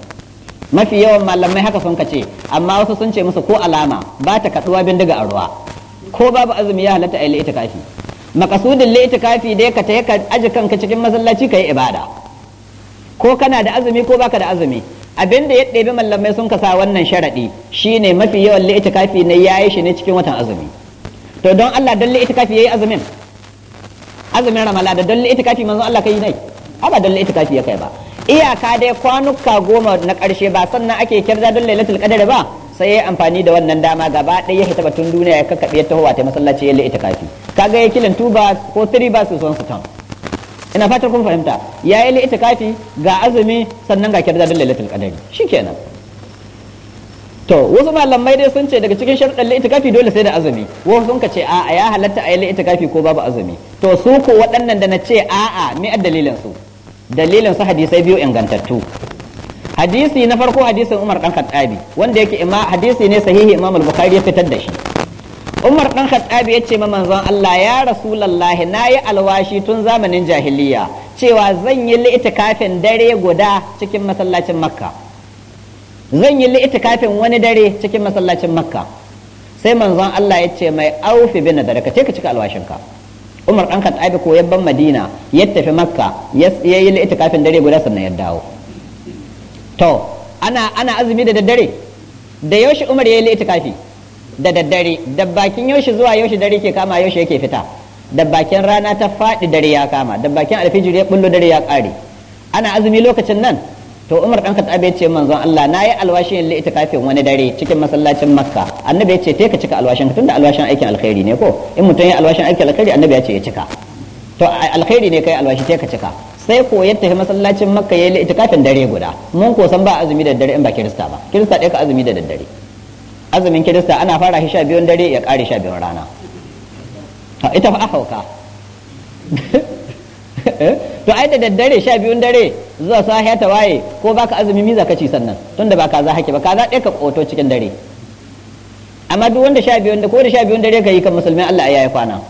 mafi yawan malamai haka sun kace amma wasu sun ce musu ko alama ba ta kaduwa bindiga a ruwa ko babu azumi ya halatta a yi kafi makasudin li kafi dai ka ta ka aji kanka cikin masallaci ka yi ibada ko kana da azumi ko baka da azumi abin da ya ɗebi malamai sun kasa wannan sharaɗi shine mafi yawan li kafi ne ya yi shi ne cikin watan azumi to don Allah don kafi ya yi azumin azumin ramala da don li kafi manzo Allah ka yi nai aba don li kafi ya kai ba iyaka dai kwanuka goma na ƙarshe ba sannan ake kirda don lailatul qadar ba sai ya amfani da wannan dama gaba ɗaya ya fita batun duniya ya kakkaɓe ta hawa ta masallaci ya ita kafi kaga ya kilin two ko three ba su son su tan ina fatar kun fahimta ya yi ita kafi ga azumi sannan ga kirda don lailatul qadar shikenan to wasu malamai dai sun ce daga cikin sharuɗan kafi dole sai da azumi wasu sun ka ce a'a ya halatta a yi kafi ko babu azumi to su ko waɗannan da na ce a'a me dalilin su dalilin su hadisai biyu ingantattu hadisi na farko hadisin Umar dan Khattabi wanda yake ima hadisi ne sahihi Imam al-Bukhari ya fitar da shi Umar dan Khattabi ya ce ma manzon Allah ya Rasulullah nayi alwashi tun zamanin jahiliya cewa zan yi li'itikafin dare guda cikin masallacin Makka zan yi li'itikafin wani dare cikin masallacin Makka sai manzon Allah ya ce mai aufi bin da ka ce ka cika alwashinka umar dan khattabi ko ban madina ya tafi makka ya yi itikafin dare guda sannan ya dawo to ana azumi da daddare da yaushe umar ya yi li'itikafi da daddare da bakin yaushe zuwa yaushe dare ke kama yaushe yake fita da bakin rana ta faɗi dare ya kama da bakin alfijir ya bullo dare ya ƙare ana azumi lokacin nan to Umar dan Khattab ya ce manzon Allah nayi alwashin yalle ita kafin wani dare cikin masallacin Makka annabi ya ce te ka cika alwashin ka tunda alwashin aikin alkhairi ne ko in mutum ya alwashin aikin alkhairi annabi ya ce ya cika to alkhairi ne kai alwashi te ka cika sai ko ya tafi masallacin makka ya yi itikafin dare guda mun ko san ba azumi da dare in ba kirista ba kirista ɗaya ka azumi da daddare azumin kirista ana fara shi sha biyun dare ya ƙare sha biyun rana ita fa hauka Eh? to ai da daddare sha biyun dare zuwa sahiya ta waye ko baka azumi miza ka ci sannan tunda ba kaza hake ba kaza ɗaya ka ƙoto cikin dare amma duk wanda sha biyun ko da sha biyun dare ka yi kan musulmin Allah ya yi kwana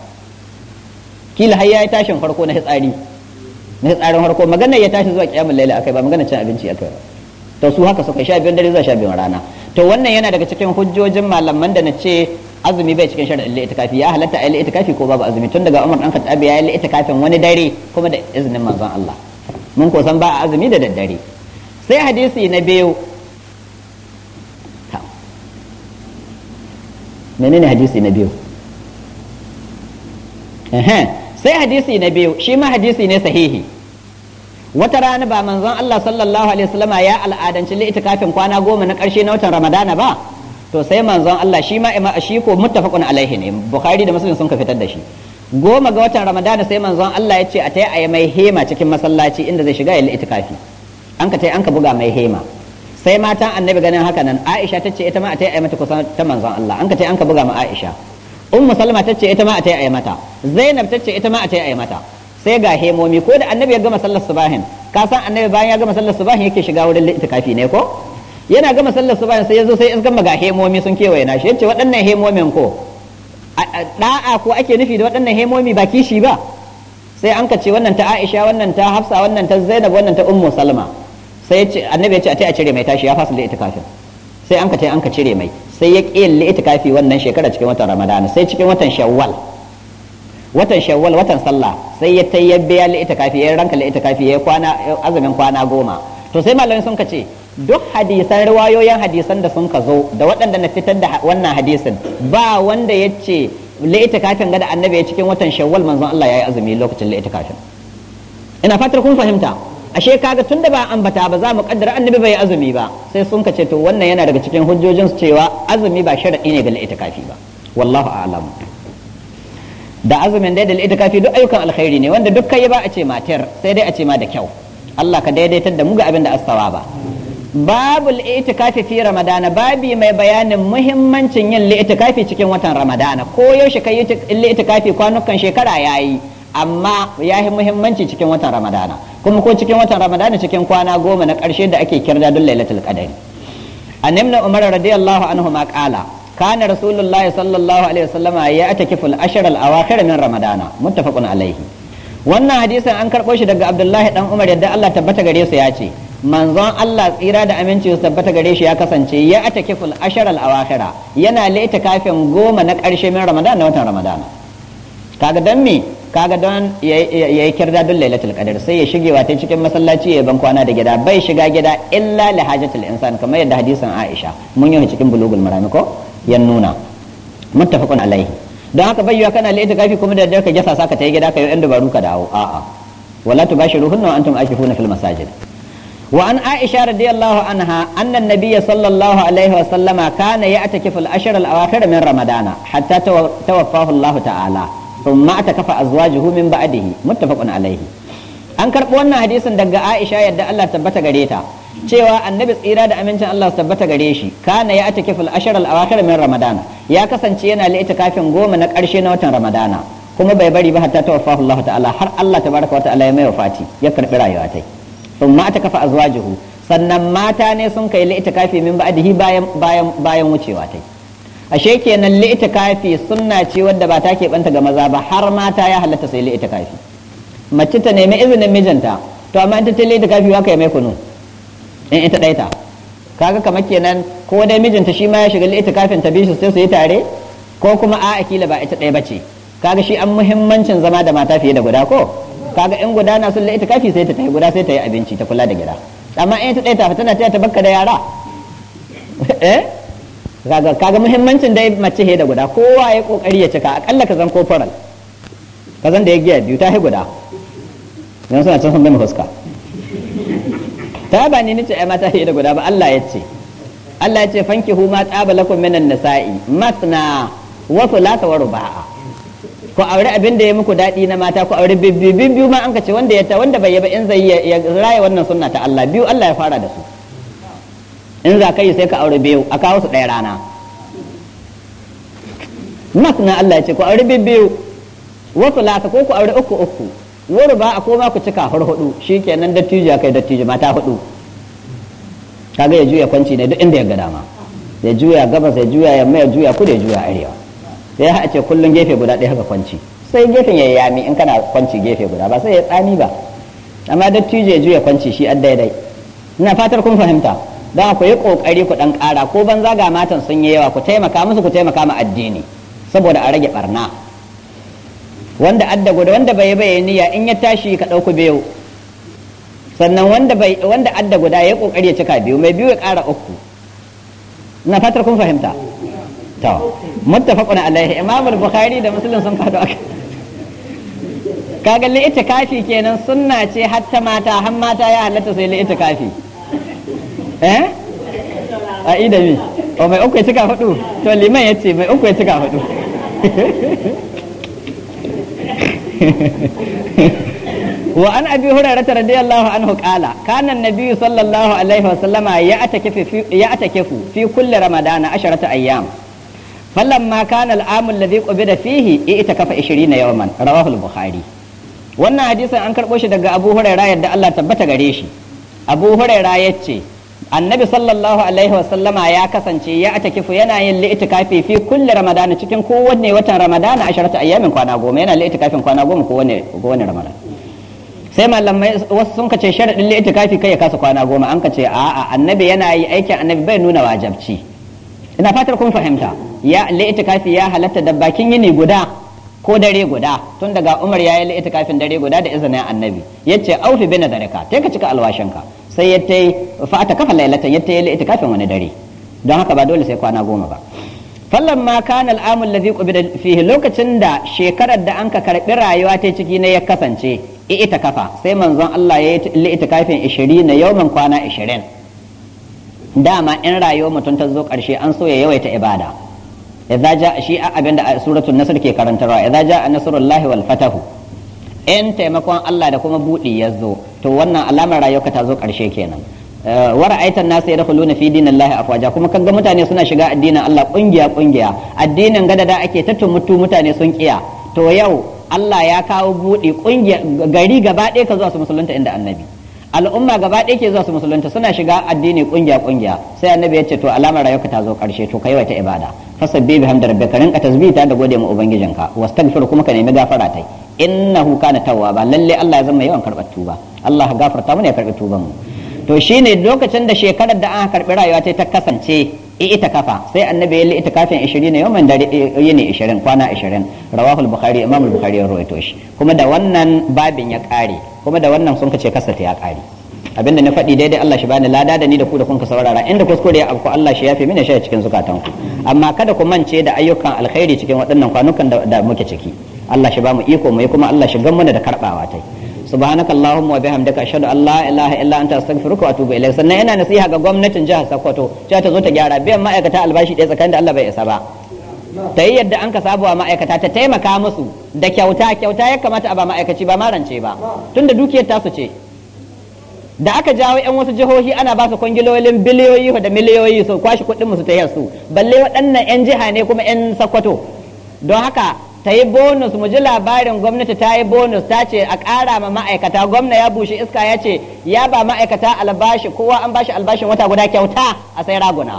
kila har yayi tashin farko na hitsari na hitsarin farko magana ya tashi zuwa kiyamul laila akai ba magana cin abinci akai ba to su haka suka sha biyun dare zuwa sha biyun rana to wannan yana daga cikin hujjojin malaman da na ce azumi bai cikin shari'ar kafi ya halatta a kafi ko babu azumi tun daga Umar dan Khattab ya yi kafin wani dare kuma da izinin manzon Allah mun ko san ba azumi da daddare sai hadisi na biyu menene hadisi na biyu sai hadisi na biyu shi ma hadisi ne sahihi wata rana ba manzon Allah sallallahu alaihi wasallama ya al'adanci li'itikafin kwana goma na ƙarshe na watan Ramadana ba to sai manzon Allah shi ma ima shi ko muttafaqun alaihi ne bukhari da muslim sun ka fitar da shi goma ga watan ramadana sai manzon Allah ya ce a tayi ayi mai hema cikin masallaci inda zai shiga yayin itikafi an ka tayi an ka buga mai hema sai matan annabi ganin haka nan Aisha tace ita ma a tayi ayi mata kusan ta manzon Allah an ka tayi an ka buga ma Aisha ummu salma tace ita ma a tayi ayi mata zainab tace ita ma a tayi ayi mata sai ga hemomi ko da annabi ya gama sallar subahin ka san annabi bayan ya gama sallar subahin yake shiga wurin itikafi ne ko yana gama sallar su bayan sai yazo sai gama ga hemomi sun kewaye na shi yace waɗannan hemomin ko da'a ko ake nufi da waɗannan hemomi ba kishi ba sai an ka ce wannan ta Aisha wannan ta Hafsa wannan ta Zainab wannan ta Ummu Salma sai yace annabi yace a tai a cire mai tashi ya fasa da kafin. sai an ka tai an ka cire mai sai ya kiyalle itikafi wannan shekara cikin watan Ramadana sai cikin watan Shawwal watan shawwal watan sallah sai ya tayyabbe ya li'ita kafi ya ranka li'ita kafi ya kwana azumin kwana goma to sai malamin sun kace duk hadisan riwayoyin hadisan da sun ka zo da waɗanda na fitar da wannan hadisin ba wanda ya ce kafin ga da annabi ya cikin watan shawwal manzon Allah ya yi azumi lokacin kafin. ina fatar kun fahimta ashe kaga tun da ba ambata ba za mu kaddara annabi bai azumi ba sai sun ka ce to wannan yana daga cikin hujjojin cewa azumi ba sharadi ne ga kafi ba wallahu a'lam da azumin dai da itikafi duk ayyukan alkhairi ne wanda duk kai ba a ce matar sai dai a ce ma da kyau Allah ka daidaitar da mu ga abin da asawa ba babul itikafi fi ramadana babi mai bayanin muhimmancin yin itikafi cikin watan ramadana ko yaushe kai itikafi kwanukan shekara yayi amma ya muhimmanci cikin watan ramadana kuma ko cikin watan ramadana cikin kwana goma na ƙarshe da ake kirda dun lailatul qadari annabna umar radiyallahu anhu ma qala kana rasulullahi sallallahu alaihi wasallama ya atakiful ashr al awakhir min ramadana muttafaqun alaihi wannan hadisin an karbo shi daga abdullahi dan umar yadda Allah tabbata gare su ya ce manzon Allah tsira da aminci su tabbata gare shi ya kasance ya atakiful ashar al-awakhira yana laita kafin goma na ƙarshe min ramadan na watan ramadan kaga dan me kaga don yayi kirda don lailatul qadr sai ya shige wata cikin masallaci ya ban kwana da gida bai shiga gida illa li hajatul insan kamar yadda hadisin Aisha mun yi cikin bulugul marami ko ya nuna muttafaqun alaihi don haka bayyana kana laita kafi kuma da daddare ka jasa saka ta yi gida ka yi yan dabaru ka dawo a'a wala tubashiruhunna wa antum ashifuna fil masajid وعن عائشة رضي الله عنها أن النبي صلى الله عليه وسلم كان يعتكف الأشهر الأواخر من رمضان حتى توفاه الله تعالى ثم اعتكف أزواجه من بعده متفق عليه an karɓi wannan hadisin daga Aisha yadda Allah tabbata gare ta cewa annabi tsira da amincin Allah su tabbata gare shi kana ya ta kifil ashar al'awakar min ramadana ya kasance yana li kafin goma na ƙarshe na watan ramadana kuma bai bari ba hatta tawaffahu Allah ta'ala har Allah baraka wa ta'ala ya mai wafati ya karɓi rayuwa ta yi. a zuwa jihu sannan mata ne sun kai kafi min ba'dihi bayan bayan wucewa tai ashe kenan kafi sunna ce wadda ba ta ke banta ga maza ba har mata ya halatta sai kafi mace ta nemi izinin mijinta to amma in ta tele li'tikafi kai mai kunu in ita daita kaga kamar kenan ko dai mijinta shi ma ya shiga kafin ta bishi sai su yi tare ko kuma a akila ba ita ɗaya ka kaga shi an muhimmancin zama da mata fiye da guda ko kaga in guda na sun laita kafi sai ta tafi guda sai ta yi abinci ta kula da gida amma in ta ɗaya tafi tana taya ta bakka da yara eh kaga muhimmancin dai mace he da guda kowa ya kokari ya cika akalla ka zan kofaral ka zan da ya giya biyu ta he guda dan suna can sun gama fuska ta ba ni nace ai mata he da guda ba Allah ya ce Allah ya ce fankihu ma tsaba minan nisa'i matna wa thalatha wa ruba'a ku aure abin da ya muku daɗi na mata ku aure bibbi biyu ma an ka ce wanda ya ta wanda bai yaba in zai ya raya wannan sunna ta Allah biyu Allah ya fara da su in za ka sai ka aure biyu a kawo su ɗaya rana nak na Allah ya ce ku aure biyu wasu laka ko ku aure uku uku wuri ba a koma ku cika har hudu shikenan dattijo ya kai dattijo mata hudu kaga ya juya kwanci ne duk inda ya ga dama ya juya gabas ya juya yamma ya juya kudu ya juya arewa sai a ce kullum gefe guda ɗaya ga kwanci sai gefen ya yami in kana kwanci gefe guda ba sai ya tsami ba amma dattijo ya juya kwanci shi an daidai ina fatar kun fahimta don ku yi kokari ku dan ƙara ko banza ga matan sun yi yawa ku taimaka musu ku taimaka ma addini saboda a rage barna wanda adda guda wanda bai bai niyya in ya tashi ka ɗauku biyu sannan wanda bai wanda adda guda ya kokari ya cika biyu mai biyu ya ƙara uku ina fatar kun fahimta to muttafaqun alaihi imam al-bukhari da muslim sun fado aka kaga kenan sunna ce hatta mata har mata ya halatta sai kafi. eh a idami o mai uku ya cika hudu to liman ya ce mai uku ya cika hudu وعن ابي هريره رضي الله فلما كان العام الذي قبض فيه اعتكف 20 يوما رواه البخاري wannan hadisin an karbo shi daga abu huraira yadda Allah tabbata gare shi abu huraira ya ce annabi sallallahu alaihi wasallama ya kasance ya atakifu yana yin li'itikafi fi kulli ramadana cikin kowanne watan ramadana asharata ayyamin kwana goma yana li'itikafin kwana goma kowanne kowanne ramadan sai malamai wasu sun kace sharadin li'itikafi kai ya kasa kwana goma an kace a'a annabi yana yi aikin annabi bai nuna wajabci ina fatar kun fahimta ya li'itikafi ya halatta da bakin yini guda ko dare guda tun daga Umar ya yi li'itikafin dare guda da izinin Annabi yace aufi bi nadarika tai ka cika alwashinka sai ya tai fa ta kafa lailatan ya yi li'itikafin wani dare don haka ba dole sai kwana goma ba fallan ma kana al'amul ladhi fihi lokacin da shekarar da anka karbi rayuwa ta ciki ne ya kasance ita kafa sai manzon Allah ya yi itikafin 20 na yawan kwana 20 dama in rayuwar mutum ta zo karshe an so ya yawaita ibada idza jaa shi abinda a suratul nasr ke karantarwa idza jaa nasrullahi wal fatahu in taimakon Allah da kuma budi ya zo to wannan alamar rayuka ta zo karshe kenan wa ra'aitan nasu yadkhuluna fi dinillahi afwaja kuma kaga mutane suna shiga addinin Allah kungiya kungiya addinin gada da ake mutu mutane sun kiya to yau Allah ya kawo budi kungiya gari gaba ɗaya ka zuwa su musulunta inda annabi al'umma gaba ɗaya ke zuwa su musulunta suna shiga addini kungiya kungiya sai annabi ya ce to alamar rayuwarka ta zo karshe to kai wata ibada fasabbi bi hamdi rabbika rinka tasbita da gode ma ubangijinka wastaghfir kuma ka nemi gafara tai innahu kana tawwaba lalle Allah ya zama yawan karɓar tuba Allah gafarta mu ya karɓi tuban mu to shine lokacin da shekarar da aka karɓi rayuwa ta kasance ita kafa sai annabi ya ita kafin 20 ne yawan dare eh, yini 20 kwana 20 rawahul bukhari imam bukhari ya rawaito shi kuma da wannan babin ya kare kuma da wannan sun kace kasata ya kare abinda na faɗi daidai Allah shi bani lada da ni da ku da kun ka saurara inda kuskure ya afku Allah shi yafi mini shi cikin zukatanku amma kada ku mance da ayyukan alkhairi cikin waɗannan kwanukan da muke ciki Allah shi ba mu iko mu kuma Allah shi gan mana da karbawa tai subhanaka allahumma wa bihamdika ashhadu an la ilaha illa anta astaghfiruka wa atubu sannan ina nasiha ga gwamnatin jihar Sokoto cewa ta zo ta gyara biyan ma'aikata albashi ɗaya tsakanin da Allah bai isa ba ta yi yadda an ka sabuwa ma'aikata ta taimaka musu da kyauta kyauta ya kamata a ba ma'aikaci ba marance ba tunda dukiyar tasu ce da aka jawo 'yan wasu jihohi ana ba su kwangilolin biliyoyi da miliyoyi su kwashi kuɗin musu ta yarsu balle waɗannan 'yan jiha ne kuma 'yan Sokoto don haka ta yi bonus mu ji labarin gwamnati ta yi bonus ta ce a ƙara ma ma'aikata gwamna ya bushe iska ya ce ya ba ma'aikata albashi kowa an bashi albashin wata guda kyauta a sai raguna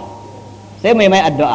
sai mai mai addu'a